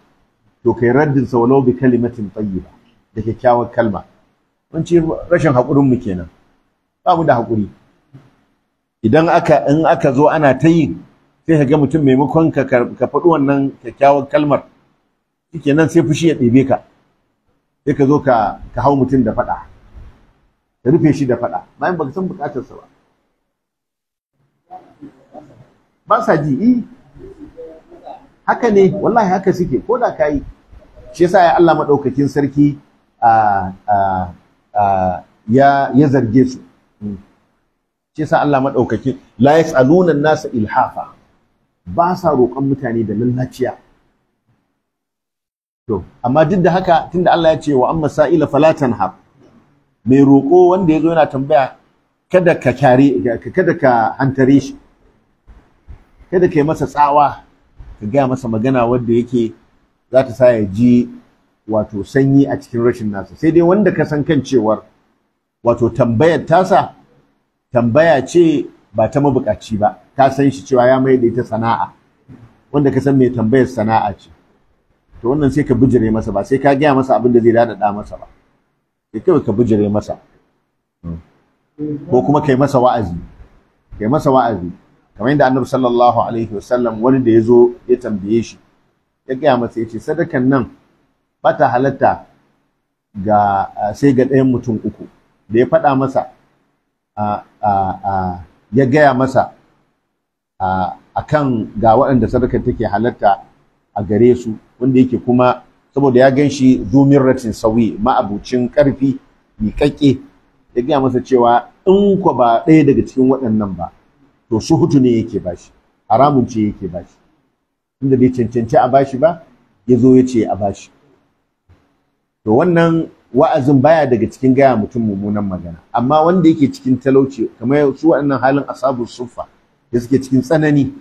to kai raddin sa walau bi kalimatin tayyiba da kyakkyawar kalma mun ce rashin hakurin mu kenan babu da hakuri idan aka in aka zo ana ta yi sai ka ga mutum maimakon ka ka faɗi wannan kyakkyawar kalmar shikenan sai fushi ya ɗebe ka sai ka zo ka hau mutum da faɗa ka rufe shi da faɗa bayan baka san buƙatarsa ba ba sa ji yi eh. haka ne wallahi haka suke ko da kayi shi yasa ya Allah maɗaukakin sarki ya ya zarge su shi yasa Allah maɗaukakin la yasaluna nasa ilhafa ba sa roƙon mutane da lallaciya to amma duk da haka tunda Allah ya ce wa amma sa'ila fala tanhab mai roƙo wanda ya zo yana tambaya kada ka kyare kada ka hantare shi kada kai masa tsawa ka gaya masa magana wadda yake za ta sa ya ji wato sanyi a cikin rashin nasa sai dai wanda ka san kan cewar wato tambayar tasa tambaya ce ba ta mabukaci ba ka san shi cewa ya mai da ita sana'a wanda ka san mai tambayar sana'a ce to wannan sai ka bijire masa ba sai ka gaya masa abin da zai daɗaɗa masa ba sai kawai ka bijire masa hmm. ko kuma kai masa wa'azi kai masa wa'azi kamar yadda annabi sallallahu alaihi wasallam wani da ya zo ya tambaye shi ya gaya masa ya ce sadakan nan ba ta halatta ga sai ga ɗayan mutum uku da ya faɗa masa ya gaya masa a ga waɗanda sadakar take halatta a gare su wanda yake kuma saboda ya ganshi shi zumin ratin sauyi ma'abucin ƙarfi miƙaƙƙe ya gaya masa cewa in ku ba ɗaya daga cikin waɗannan ba to su hutu ne yake bashi haramun ce yake bashi inda bai cancanci a bashi ba ya zo ya ce a bashi to wannan wa'azin baya daga cikin gaya mutum mummunan magana amma wanda yake cikin talauci kamar su waɗannan halin asabu sufa da suke cikin tsanani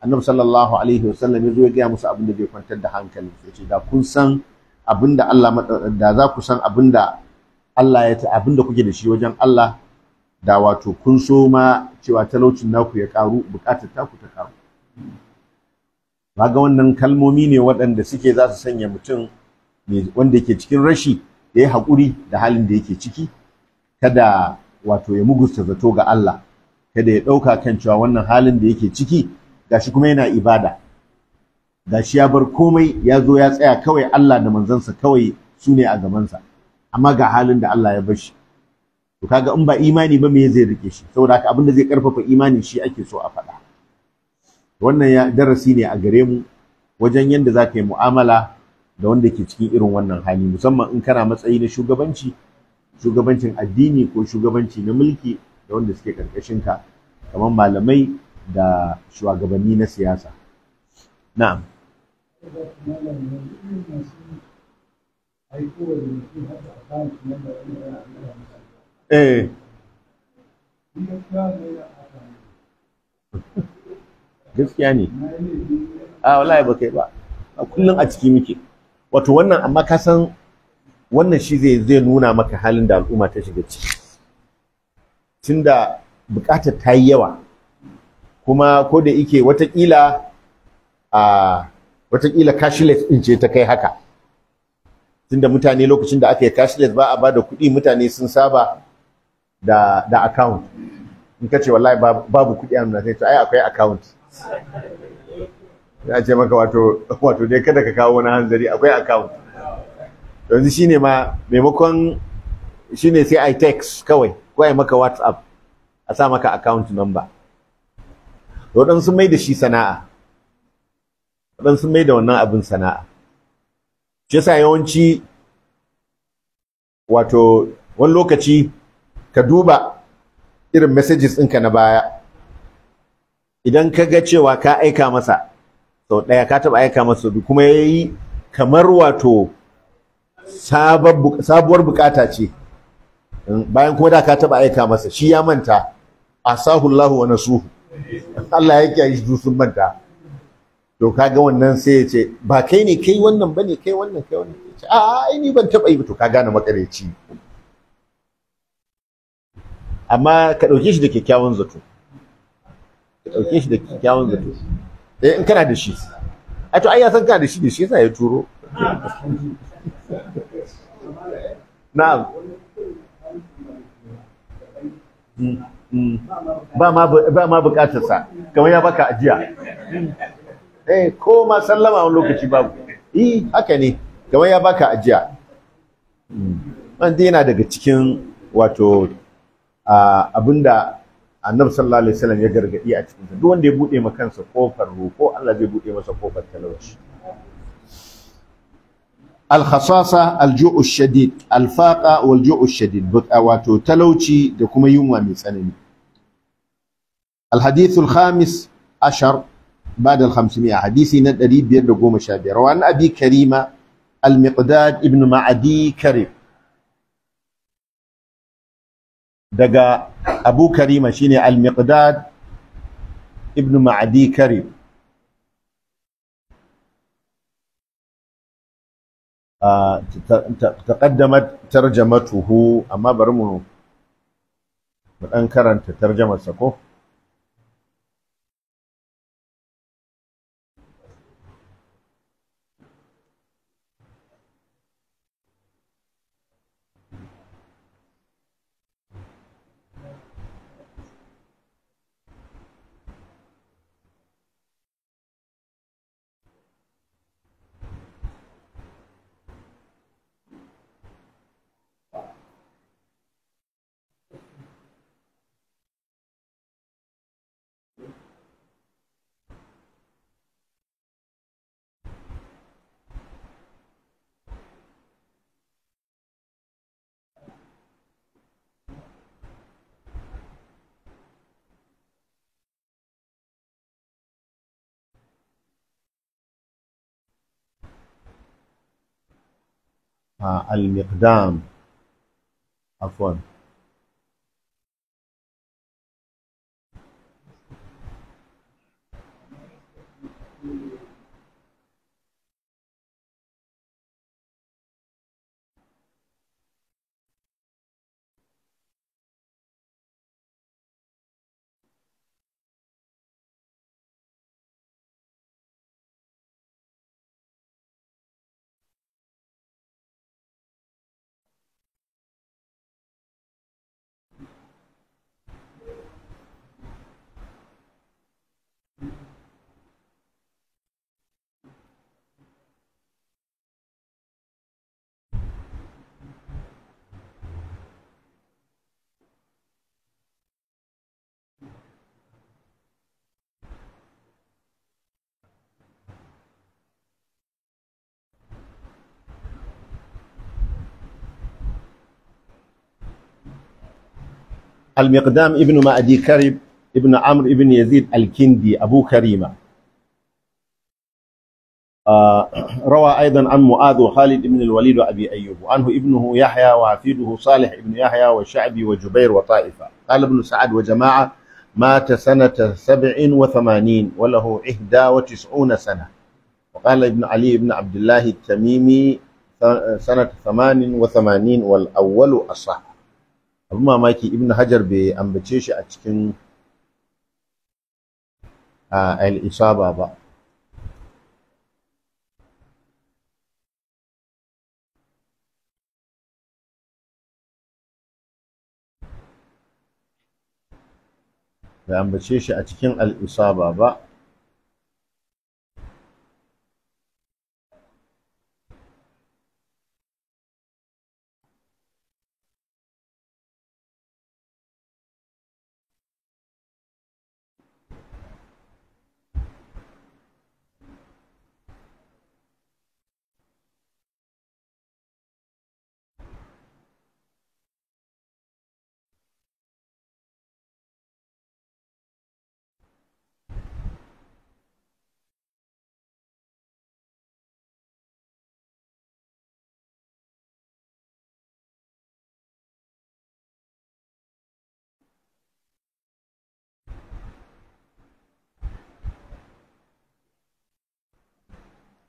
annabi sallallahu alaihi wasallam ya zo ya gaya musu abin da bai kwantar da hankali ya ce da kun san abin da Allah da za ku san abin Allah ya abin da kuke da shi wajen Allah da wato kun so ma cewa talaucin naku ya karu bukatar taku ta karu ga wannan kalmomi ne waɗanda suke za su sanya mutum wanda yake cikin rashi ya hakuri haƙuri da halin da yake ciki kada wato ya mugusta zato ga Allah kada ya ɗauka kan cewa wannan halin da yake ciki gashi kuma yana ibada gashi ya bar komai ya zo ya tsaya kawai Allah da manzansa kawai su ne a gabansa amma ga halin da Allah ya bar shi to kaga in ba imani ba me zai rike shi saboda haka abinda zai karfafa imani shi ake so a faɗa wannan ya darasi ne a gare mu wajen yadda za ka yi mu'amala da wanda ke cikin irin wannan hali musamman in kana matsayi na shugabanci shugabancin addini ko shugabanci na mulki da wanda suke karkashin ka kamar malamai da shugabanni na siyasa na'am da mutum eh gaskiya ne a ah, wallahi ba kai ba a kullum a ciki muke wato wannan amma ka san wannan shi zai zai nuna maka halin da al'umma ta shiga ciki tunda bukatar ta yi yawa kuma ko da yake watakila a watakila cashless din ce ta kai haka tunda mutane lokacin da aka yi cashless ba a ba da kuɗi mutane sun saba da da account in ka ce wallahi babu kuɗi a nuna sai to ai akwai account ya ce maka wato (laughs) wato dai kada ka kawo wani hanzari akwai account yanzu shine ma maimakon shine sai ai text kawai ko ai maka whatsapp a sa maka account number to sun mai da shi sana'a dan sun mai da wannan abin sana'a shi yasa yawanci wato wani lokaci ka duba irin messages ɗinka na baya idan ka ga cewa ka aika masa sau ɗaya ka taɓa aika masa kuma ya yi kamar wato sabuwar bukata ce mm, bayan kuma da ka taɓa aika masa shi ya manta sahun lahu wa nasuhu Allah ya kiyaye shi dusun manta to kaga wannan sai ya ce ba kai ne kai wannan bane kai wannan kai wannan a a ni ban taɓa yi ba to ka gane makareci amma ka ɗauke shi da kyakkyawan zato ka ɗauke shi da kyakkyawan zato eh, in kana da shi a to ai ya san kana da shi ne shi yasa ya turo na'am ba ma sa, kamar ya baka ajiya eh ko ma sallama wani lokaci babu eh haka ne kamar ya baka ajiya wanda yana daga cikin wato abinda annabi sallallahu alaihi wasallam ya gargadi a cikin duk wanda ya bude ma kansa kofar roko Allah zai bude masa kofar talauci al-khasasa al-ju'u shadid al-faqa wal-ju'u shadid wato talauci da kuma yunwa mai tsanani al-hadith al ashar بعد الخمسمائة حديثي ندري بيرد قوم شابير وعن أبي كريمة المقداد ابن معدي كريم daga abu karima shine al-miqdad ibn ma'adi karim ah, tarjama tarjamatuhu amma bari mu dan karanta tarjamarsa ko آه، المقدام عفوا المقدام ابن مأدي كرب ابن عمرو ابن يزيد الكندي أبو كريمة آه روى أيضا عن معاذ وخالد ابن الوليد وأبي أيوب وأنه ابنه يحيى وعفيده صالح ابن يحيى وشعبي وجبير وطائفة قال ابن سعد وجماعة مات سنة سبع وثمانين وله إحدى وتسعون سنة وقال ابن علي ابن عبد الله التميمي سنة ثمان وثمانين والأول أصح abin mamaki ibn hajar bai ambace shi a cikin al-isaba ba bai ambace shi a cikin al-isaba ba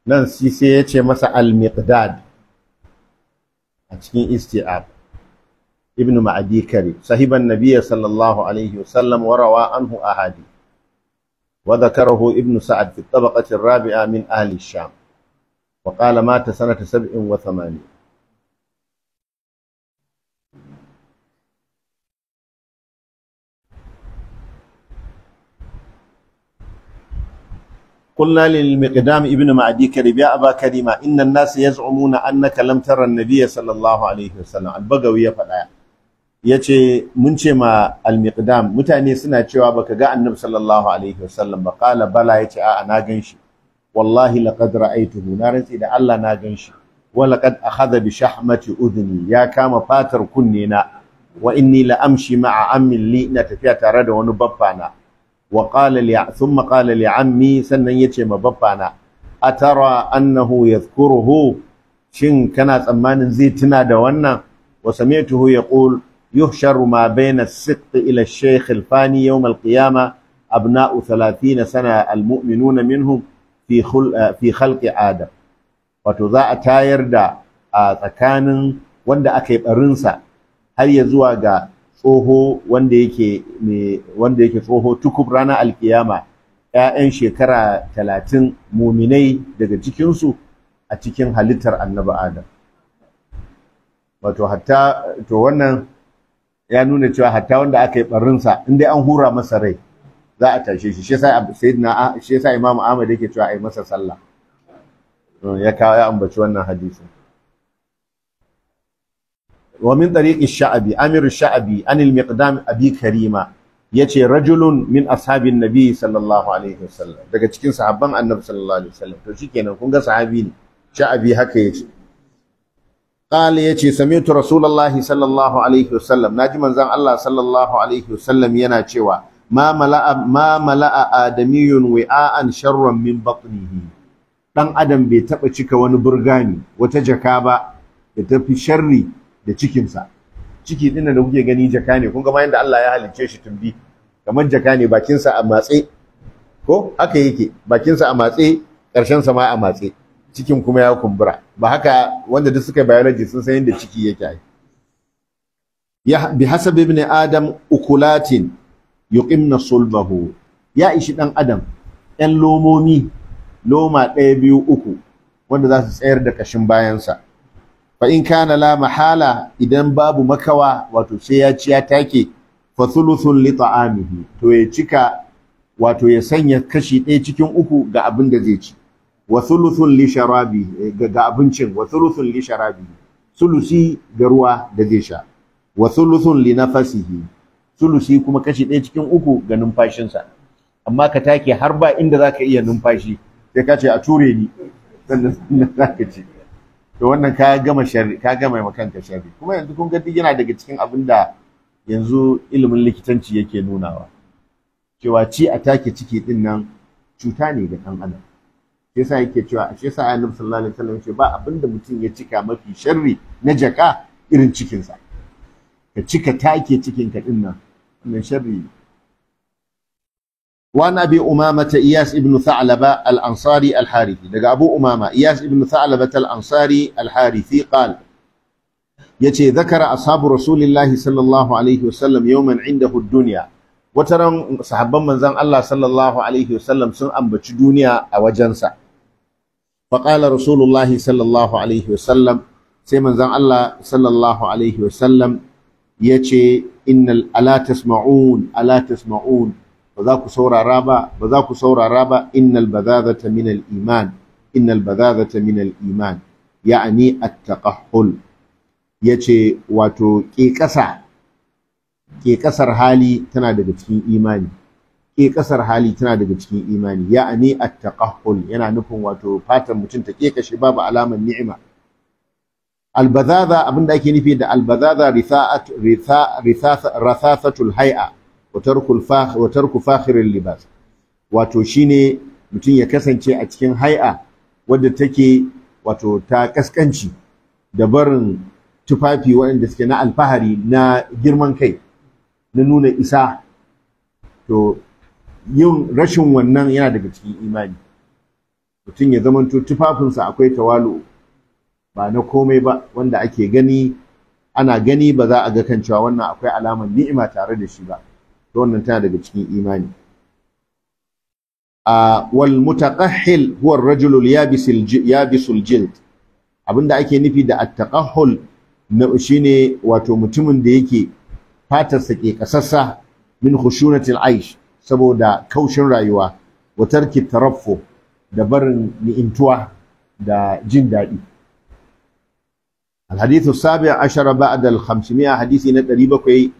nan shi sai ya ce masa al-miqdad a cikin isti'ab ibn ma'adi kare sahiban nabiyya sallallahu alaihi wasallam wa rawa anhu ahadi wa dhakarahu ibn sa'ad fi tabaqati rabia min ahli sham wa qala mata sanata 87 قلنا للمقدام ابن معدي كريب يا أبا كريمة إن الناس يزعمون أنك لم ترى النبي صلى الله عليه وسلم yace mun ce ma al mutane suna cewa baka ga annabi sallallahu alaihi wasallam ba qala bala yace a na ganshi wallahi laqad ra'aytuhu na rantsi da Allah na ganshi wa laqad akhadha bi shahmati udhni ya kama fatar kunne na wa inni la amshi ma'a ammi li na tafiya tare da wani babba na wa qala li thumma qala li ammi sannan yace ma babbana atara annahu yadhkuruhu shin kana tsammanin zai tuna da wannan wa sami'tuhu yaqul yuhsharu ma bayna as ila ash-shaykh al-fani yawm al-qiyamah abna'u 30 sana al-mu'minuna fi fi khalqi adam wato za a tayar da a tsakanin wanda aka yi barinsa har ya zuwa ga tsoho wanda yake wanda yake tsoho tukub ranar alkiyama Ƴaƴan shekara talatin muminai daga cikinsu a cikin halittar annabi adam wato hatta to wannan ya nuna cewa hatta wanda aka yi barinsa in dai an hura masa rai za a tashe shi shi yasa sayyidina shi sai imamu ahmad yake cewa ai masa sallah ya kawo ya ambaci wannan hadisin Romin min tariqi sha'abi amir sha'abi an al-miqdam abi karima yace rajulun min ashabin nabi sallallahu alaihi wasallam daga cikin sahabban annabi sallallahu to shikenan kun ga sahabi sha'abi haka yace قال يجي سمعت رسول الله صلى الله عليه وسلم ناجي منزان الله صلى الله عليه وسلم ينا cewa mamala a ma mala'a adamiyun wi'an sharran min batnihi dan adam bai taɓa cika wani burgani wata jaka ba da tafi sharri da cikinsa ciki din da kuke gani jaka ne kun ga ma yanda Allah ya halicce shi tumbi kamar jaka ne bakinsa a matse ko haka yake bakinsa a matse ƙarshen sa ma a matse cikin kuma ya kumbura ba haka wanda duk suka biology sun san yadda ciki yake ai ya bi hasab ibn adam ukulatin yuqimna sulbahu ya ishi dan adam yan lomomi loma ɗaya biyu uku wanda za su tsayar da kashin bayansa fa in kana la mahala idan babu makawa wato sai ya ci ya take fa thuluthun li ta'amihi to ya cika wato ya sanya kashi ɗaya cikin uku ga abin da zai ci wa thuluthun li sharabi eh, ga abincin wa thuluthun li sharabi sulusi ga ruwa da zai sha wa thuluthun li nafasihi sulusi kuma kashi ɗaya cikin uku ga numfashinsa amma ka take har ba inda zaka iya numfashi sai ka ce a ture ni sannan ka ce to wannan ka gama sharri ka gama ma kanka sharri kuma yanzu kun ga duk yana daga cikin abin da yanzu ilimin likitanci yake nunawa cewa ci a take ciki din nan cuta ne ga ɗan adam shi yasa yake cewa shi yasa annabi sallallahu alaihi wasallam ce ba abin da mutum ya cika mafi sharri na jaka irin cikinsa ka cika take cikinka din nan wannan sharri وعن أبي أمامة إياس ابن ثعلبة الأنصاري الحارثي دقى أبو أمامة إياس ابن ثعلبة الأنصاري الحارثي قال يتي ذكر أصحاب رسول الله صلى الله عليه وسلم يوما عنده الدنيا وترى صحابا من زم الله صلى الله عليه وسلم سن أنبت دنيا أوجنسا فقال رسول الله صلى الله عليه وسلم سيما زم الله صلى الله عليه وسلم يتي إن ألا تسمعون ألا تسمعون ba za ku saurara ba ba za ku saurara ba innal badadata min al iman innal badadata min al iman ya'ani at taqahhul yace wato ke kasa ke kasar hali tana daga cikin imani ke kasar hali tana daga cikin imani ya'ani at taqahhul yana nufin wato fatan mutum ta ke kashe babu alaman ni'ima albazaza abinda ake nufi da albazaza ritha'at ritha'at rathasatul hay'a wa tarku fakhirin libas wato shine mutum ya kasance a cikin hai'a wadda take wato ta kaskanci da barin tufafi waɗanda suke na alfahari na girman kai na nuna isa to yin rashin wannan yana daga cikin imani mutum ya zamanto tufafinsa akwai tawalu ba na komai ba wanda ake gani ana gani ba za a ga kan cewa wannan akwai alamar ni'ima tare da shi ba to wannan tana daga cikin imani a wal mutaqahhil huwa ar-rajul al-yabisul yabisul jild abinda ake nufi da at-taqahhul shine wato mutumin da yake fatarsa ke kasassa min khushunatil aish saboda kaushin rayuwa wa tarki taraffo da barin ni'intuwa da jin daɗi الحديث السابع عشر بعد الخمسمائة حديث ندري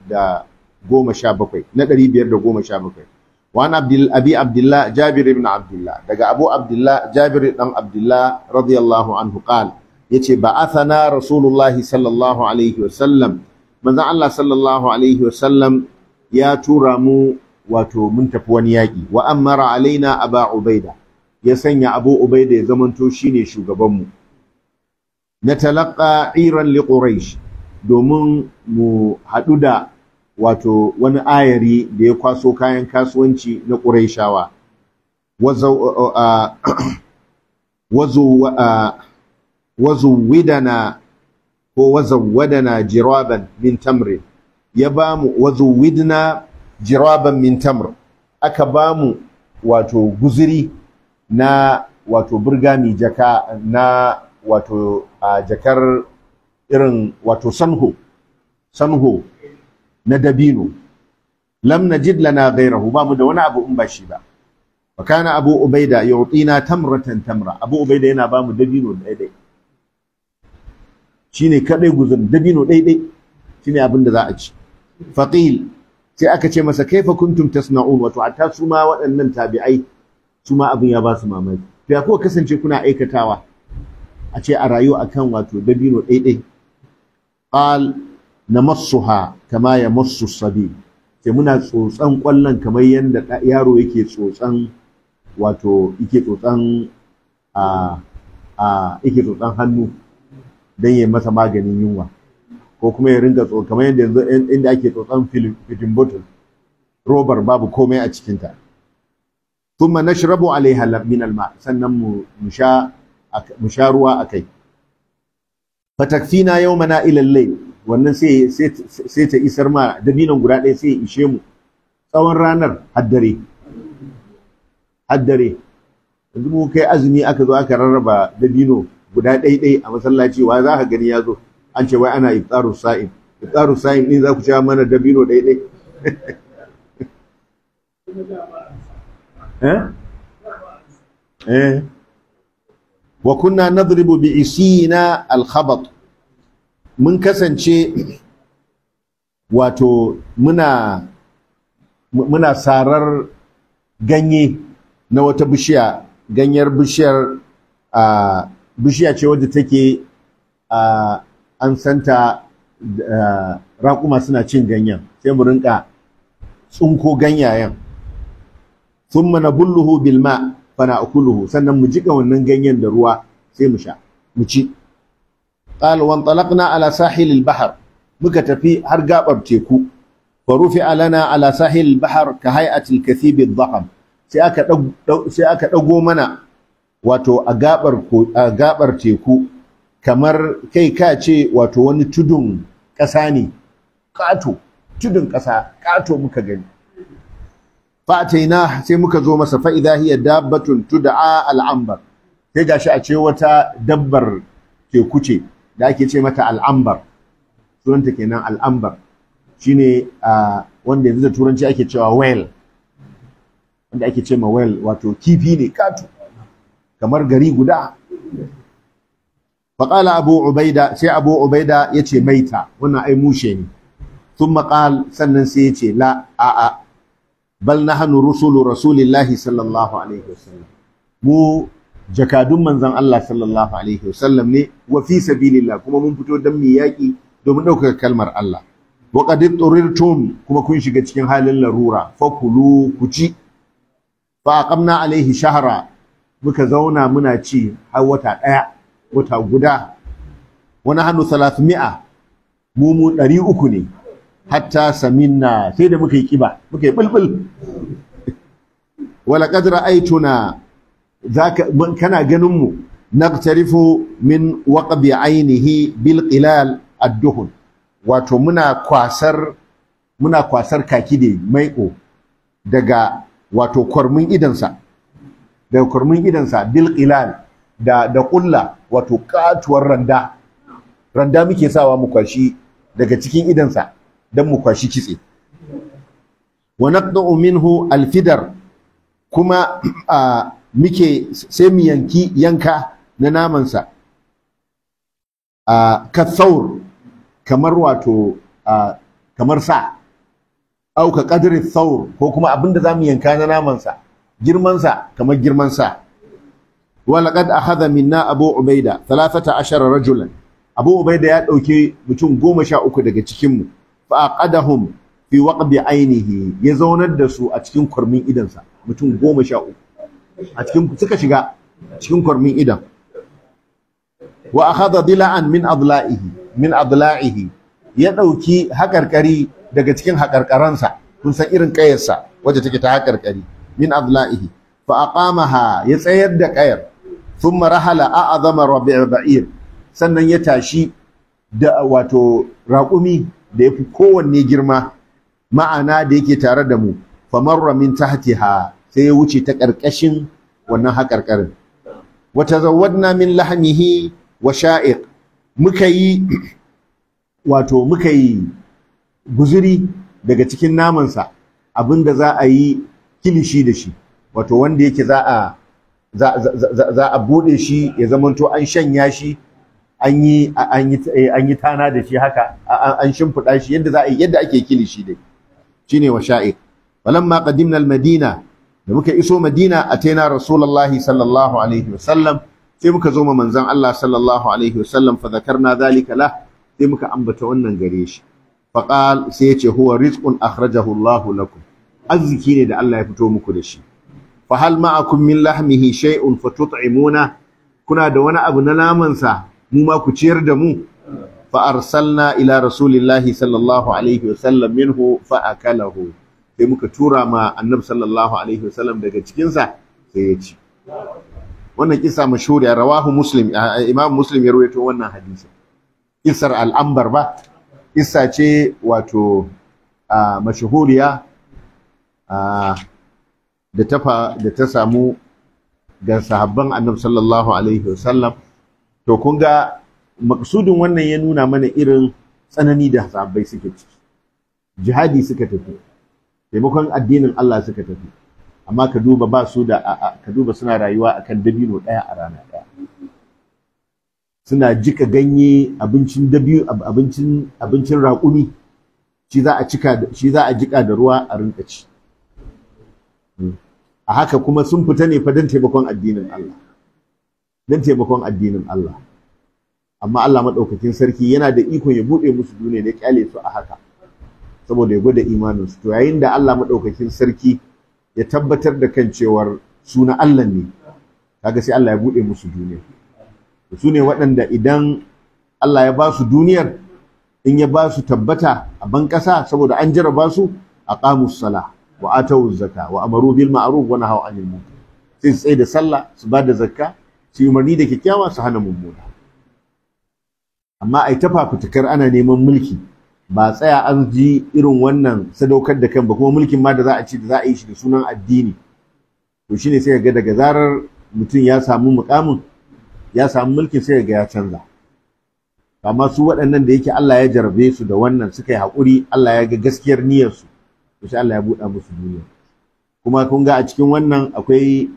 da goma sha bakwai na ɗari biyar da goma sha bakwai وعن عبد ابي عبد الله جابر بن عبد الله دغ ابو عبد الله جابر بن عبد الله رضي الله عنه قال يتي بعثنا رسول الله صلى الله عليه وسلم من الله صلى الله عليه وسلم يا ترامو wato mun tafi wani yaƙi wa ammara alaina aba ubaida ya sanya abu ubaida ya zamanto shine mu. na talaqqa iran li domin mu haɗu da wato wani ayari da ya kwaso kayan kasuwanci na ƙuraishawa widana uh, uh, uh, (coughs) ko wadana jiraban min tamri ya ba mu widana jiraban min tamr aka ba mu wato guziri na wato burgami jaka na wato jakar irin wato sanho sanho na dabino lam najid lana ghayrahu ba mu da wani abu in ba shi ba wa kana abu ubaida yu'tina tamratan tamra abu ubaida yana ba mu dabino dai dai shine kadai guzun dabino dai dai shine abin da za a ci faqil sai aka ce masa kaifa kuntum tasna'un wa hatta su ma waɗannan tabi'ai su ma abin ya ba su mamaki to ya kuka kasance kuna aikatawa a ce a rayu akan wato dabino dai dai qal Na namassuha kama masu sabi sai muna tsotsan kwallon kamar yadda yaro yake tsotsan wato yake tsotsan a a yake tsotsan hannu don ya masa maganin yunwa ko kuma ya ringa tsotsan kamar yadda yanzu inda ake tsotsan filin bottle robar babu komai a cikinta thumma nashrabu alaiha min alma sannan mu sha mu sha ruwa akai fatakfina yau ila al wannan sai sai ta isar ma Dabinan guda ɗaya sai ishe mu tsawon ranar haddare haddare yanzu mu kai azumi aka zo aka rarraba dabino guda ɗaiɗai a masallaci wa za ka gani ya zo an ce wai ana iftaru sa'im iftaru sa'im ɗin za ku ci mana dabino ɗaiɗai (laughs) eh? eh wa kunna nadribu bi isina al-khabat mun kasance wato muna muna sarar ganye na wata bishiya ganyar bishiyar a bishiya ce wadda take a an santa raƙuma suna cin ganyen sai mu rinka tsunko ganyayen thumma nabulluhu bilma ma' fana ukuluhu sannan mu jiƙa wannan ganyen da ruwa sai mu sha mu ci qala wa antalaqna ala sahilil bahar. muka tafi har gaɓar teku fa rufi'a lana ala sahilil bahr ka hay'atil kathibi dhaqam sai aka sai mana wato a gabar teku kamar kai ka ce wato wani tudun ƙasa ne muka gani fataina sai muka zo masa fa idha hiya dabbatun A al'ambar sai gashi ace wata dabbar teku ce da ake ce mata al'ambar sunanta kenan al'ambar shine wanda yanzu da turanci ake cewa whale wanda ake ce ma whale wato kifi ne katu kamar gari guda faƙala abu ubaida sai abu ubaida ya ce maita wannan ai mushe ne sun maƙal sannan sai ya ce la a'a bal na nahnu rusulu rasulillahi sallallahu alaihi wasallam mu jakadun manzon Allah sallallahu alaihi wasallam ne wa fi sabilillah kuma mun fito dan mu yaki domin ɗaukaka kalmar Allah wa qad turirtum kuma kun shiga cikin halin larura fa kulu ku ci fa aqamna alaihi shahra muka zauna muna ci har wata ɗaya wata guda wani hannu mi'a mu mu ɗari uku ne hatta saminna sai da muka yi ƙiba muka yi ɓulɓul wala ƙadra aituna kana ganin mu naqtarifu min waqbi ainihi bil qilal ad wato muna kwasar muna kwasar kaki da maiƙo daga wato kwarmin idansa daga kwarmin idansa bil qilal da da wato katuwar randa randa muke sawa mu kwashi daga cikin idansa don mu kwashi kitse wa naqdu minhu alfidar kuma (clears throat) a muke sai mu yanki yanka na namansa a kathaur kamar wato kamar sa auka kadirin thaur ko kuma abin da za mu yanka na namansa girmansa kamar girman sa a akhadha minna abu ubaida 13 rajulan abu ubaida ya dauke mutum goma sha uku daga cikin mu fa aqadahum fi waqbi ainihi ya zaunar da su a cikin kurmin idansa mutum goma sha uku a cikin suka shiga cikin kwarmin idan wa akhadha dila'an min adla'ihi min adla'ihi ya dauki hakarkari daga cikin hakarkaransa kun san irin kayarsa wacce take ta hakarkari min adla'ihi fa aqamaha ya tsayar da kayar thumma rahala a'azama rabi'a ba'ir sannan ya tashi da wato raƙumi da ya fi kowanne girma ma'ana da yake tare da mu famarra min tahtiha sai ya wuce ta ƙarƙashin wannan haƙarƙarin Wata zawadna min lahmihi wa sha'iq muka yi (clears throat) wato muka yi guzuri daga cikin namansa abinda za a yi kilishi da shi wato wanda yake za a za a buɗe shi ya zamanto an shanya shi an yi an yi tana da shi haka an shimfiɗa shi yadda za a yi yadda ake kilishi dai shine wa sha'iq falamma qadimna al-madina da muka iso madina ataina rasulullahi sallallahu alaihi wasallam sai muka zo ma manzon Allah sallallahu alaihi wasallam fa zakarna zalika la sai muka ambata wannan gare shi fa qal sai yace huwa rizqun akhrajahu Allah lakum arziki ne da Allah ya fito muku da shi fa hal ma'akum min lahmihi shay'un fatut'imuna kuna da wani abu na naman sa mu ma ku ciyar da mu fa arsalna ila rasulillahi sallallahu alaihi wasallam minhu fa akalahu sai muka tura ma annabi sallallahu alaihi wasallam daga cikinsa sai ya ci wannan kisa mashhuriya rawahu muslim imam muslim ya rawaito wannan hadisi kisar al'ambar ba kisa ce wato mashhuriya da ta da ta samu ga sahabban annabi sallallahu alaihi wasallam to kun ga maksudin wannan ya nuna mana irin tsanani da sahabbai suke ciki jihadi suka tafi taimakon addinin Allah suka tafi amma ka duba ba su da ka duba suna rayuwa akan dabino ɗaya a rana ɗaya suna jika ganye abincin dabino abincin abincin raƙumi shi za a cika shi za a jika da ruwa a rinka ci hmm. a haka kuma sun fita ne fa don taimakon addinin Allah don taimakon addinin Allah amma Allah maɗaukakin sarki yana da iko ya buɗe musu duniya da kyale su a haka saboda ya gwada imaninsu to yayin da Allah maɗaukakin sarki ya tabbatar da kan cewar suna Allah ne kaga sai Allah ya buɗe musu duniya su ne waɗanda idan Allah ya ba su duniyar in ya ba su tabbata a ban ƙasa saboda an jarraba su aqamus sala wa atawuz zaka wa amaru bil ma'ruf wa nahaw anil munkar sai su da sallah su ba da zakka su yi umarni da kyakkyawa su hana mummuna amma ai ta fafutukar ana neman mulki ba tsaya an ji irin wannan sadaukar da kan ba kuma mulkin ma da za a ce da za a yi shi da sunan addini to shine sai ga daga zarar mutum ya samu mukamin ya samu mulkin sai ga ya canza amma su waɗannan da yake Allah ya jarabe su da wannan suka yi haƙuri Allah ya ga gaskiyar niyyar su to Allah ya buɗa musu duniya kuma kun ga a cikin wannan akwai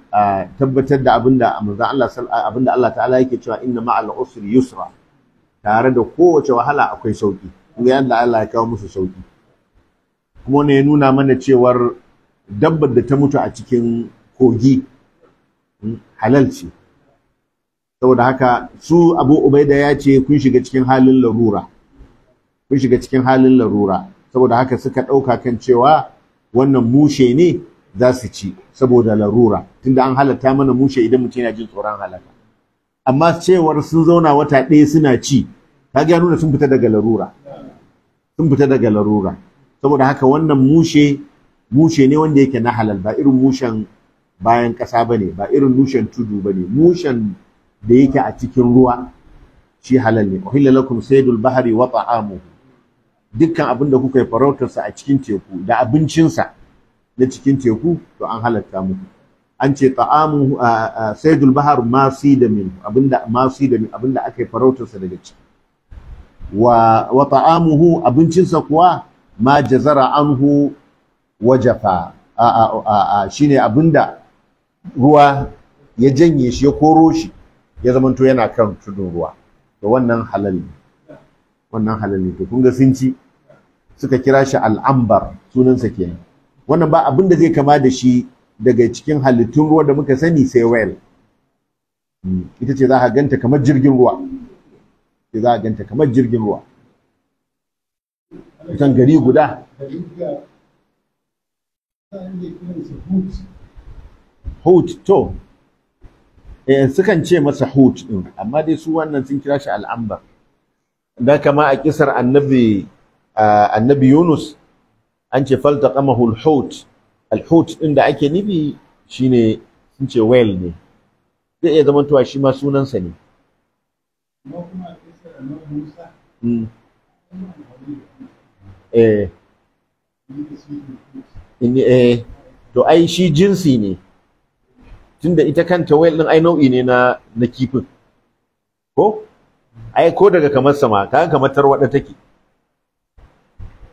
tabbatar da abinda manzon Allah abinda Allah ta'ala yake cewa inna ma'al usri yusra tare da kowace wahala akwai sauki wuyan da Allah ya kawo musu sauki kuma ne ya nuna mana cewar dabbar da ta mutu a cikin kogi hmm, halal ce saboda haka su Abu Ubaida ya ce kun shiga cikin halin larura kun shiga cikin halin larura saboda haka suka ɗauka kan cewa wannan mushe ne za su ci saboda larura tunda an halatta mana mushe idan mutum yana jin tsoron halaka amma cewar sun zauna wata ɗaya suna ci kaga ya nuna sun fita daga larura sun fita daga larura saboda haka wannan mushe mushe ne wanda yake na halal ba irin mushen bayan kasa ba ne ba irin mushen tudu ba ne mushen da yake a cikin ruwa shi halal ne uhilla lakum saydul bahri wa ta'amuhu dukkan abin da kuka yi farautarsa a cikin teku da abincinsa na cikin teku to an halatta muku an ce ta'amuhu saydul bahar ma sida abinda ma sida abinda aka yi farautarsa daga ciki wa wa ta'amuhu abincinsa kuwa ma jazara anhu wajafa a a a shine abinda ruwa ya janye shi ya koro shi ya zamanto yana kan tudun ruwa to wannan halal ne wannan halal ne to kun ga sun suka kira shi al'ambar sunansa kenan wannan ba abin da zai kama da shi daga cikin halittun ruwa da muka sani sai wel. Hmm. ita ce za ka ganta kamar jirgin ruwa sai za a ganta kamar jirgin ruwa kusan gari guda hut to eh sukan ce masa hut din amma dai su wannan sun kira shi al'ambar da kama a kisar annabi annabi Yunus an ce faltaqamahu al-hut al-hut din da ake nibi shine sun ce well ne zai iya zamantowa shi ma sunansa ne Hmm. Eh. eh to ai shi jinsi ne tunda ita kanta whale din ai nau'i ne na na kifin ko ai ko daga kamar sama ga kamar tarwada take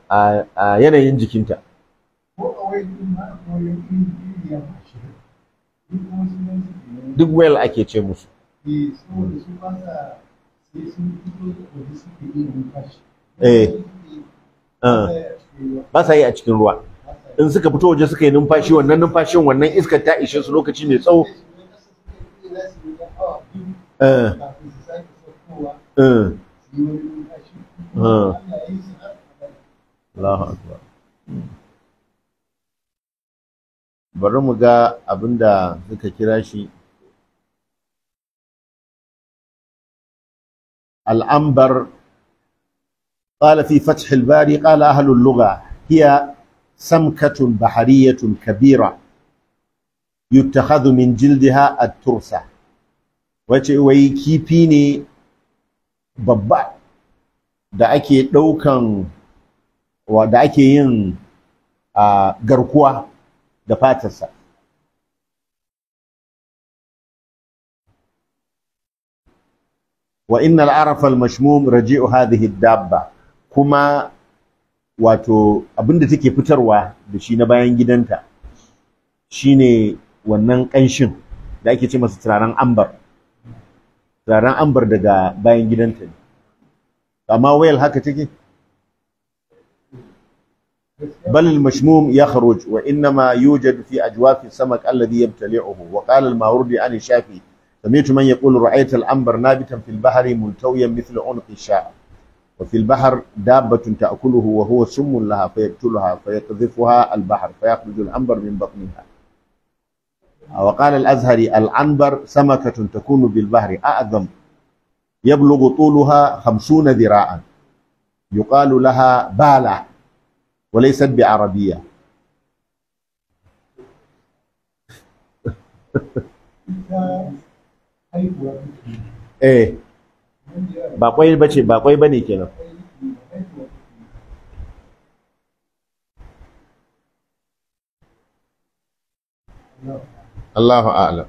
a a yanayin jikinta duk whale ake ce musu eh, eh ah, ba sa yi a cikin ruwa in suka fito waje suka yi numfashi wannan numfashin wannan iskar ta ishe su lokaci mai tsawo eh, eh, eh. bari mu ga abin da suka kira shi الأنبر قال في فتح الباري قال أهل اللغة هي سمكة بحرية كبيرة يتخذ من جلدها الترسة wai kifi ne babba da ake ɗaukan da ake yin garkuwa da fatarsa wa innal arafa al-mashmum raji'u hadhihi dabba kuma wato abinda take fitarwa da shi na bayan gidanta shine wannan kanshin da ake ce masa turaren ambar turaren ambar daga bayan gidanta ne amma wayal haka take بل المشموم يخرج وإنما يوجد في أجواف السمك الذي يبتلعه وقال الماوردي عن الشافعي سمعت من يقول رأيت العنبر نابتا في البحر ملتويا مثل عنق الشاء وفي البحر دابة تأكله وهو سم لها فيقتلها فيقذفها البحر فيخرج العنبر من بطنها وقال الأزهري العنبر سمكة تكون بالبحر أعظم يبلغ طولها خمسون ذراعا يقال لها بالة وليست بعربية (laughs) eh ba kwai bace ba kwai bane kenan Allahu a'lam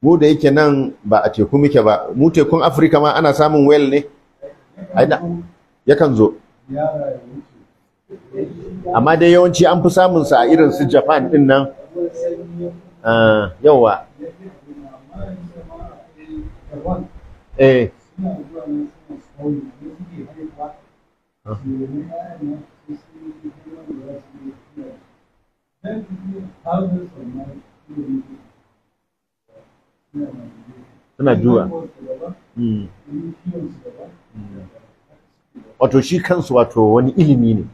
mu da yake nan ba a teku muke ba mu tekun Afrika ma ana samun whale ne yakan zo amma dai yawanci an fi samun sa a irin su Japan din nan ah, yawa eh hmm. Hmm. wato shi kansu wato wani ilimi ne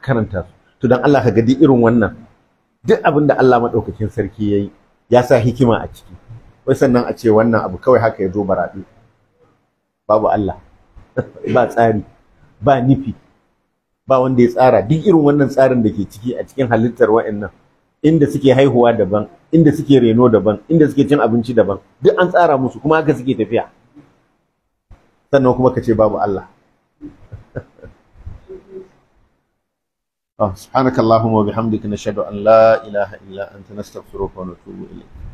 karanta su to don Allah ka gadi irin wannan duk abin da Allah maɗaukakin sarki yi, ya sa hikima a ciki wai sannan a ce wannan abu kawai haka ya zo baraɗe babu Allah (laughs) ba tsari ba nufi ba wanda ya tsara duk irin wannan tsarin da ke ciki a cikin halittar wa'annan inda suke haihuwa daban inda suke reno daban inda suke cin abinci daban duk an tsara musu kuma haka suke tafiya sannan kuma ka ce babu Allah سبحانك اللهم وبحمدك نشهد أن لا إله إلا أنت نستغفرك ونتوب إليك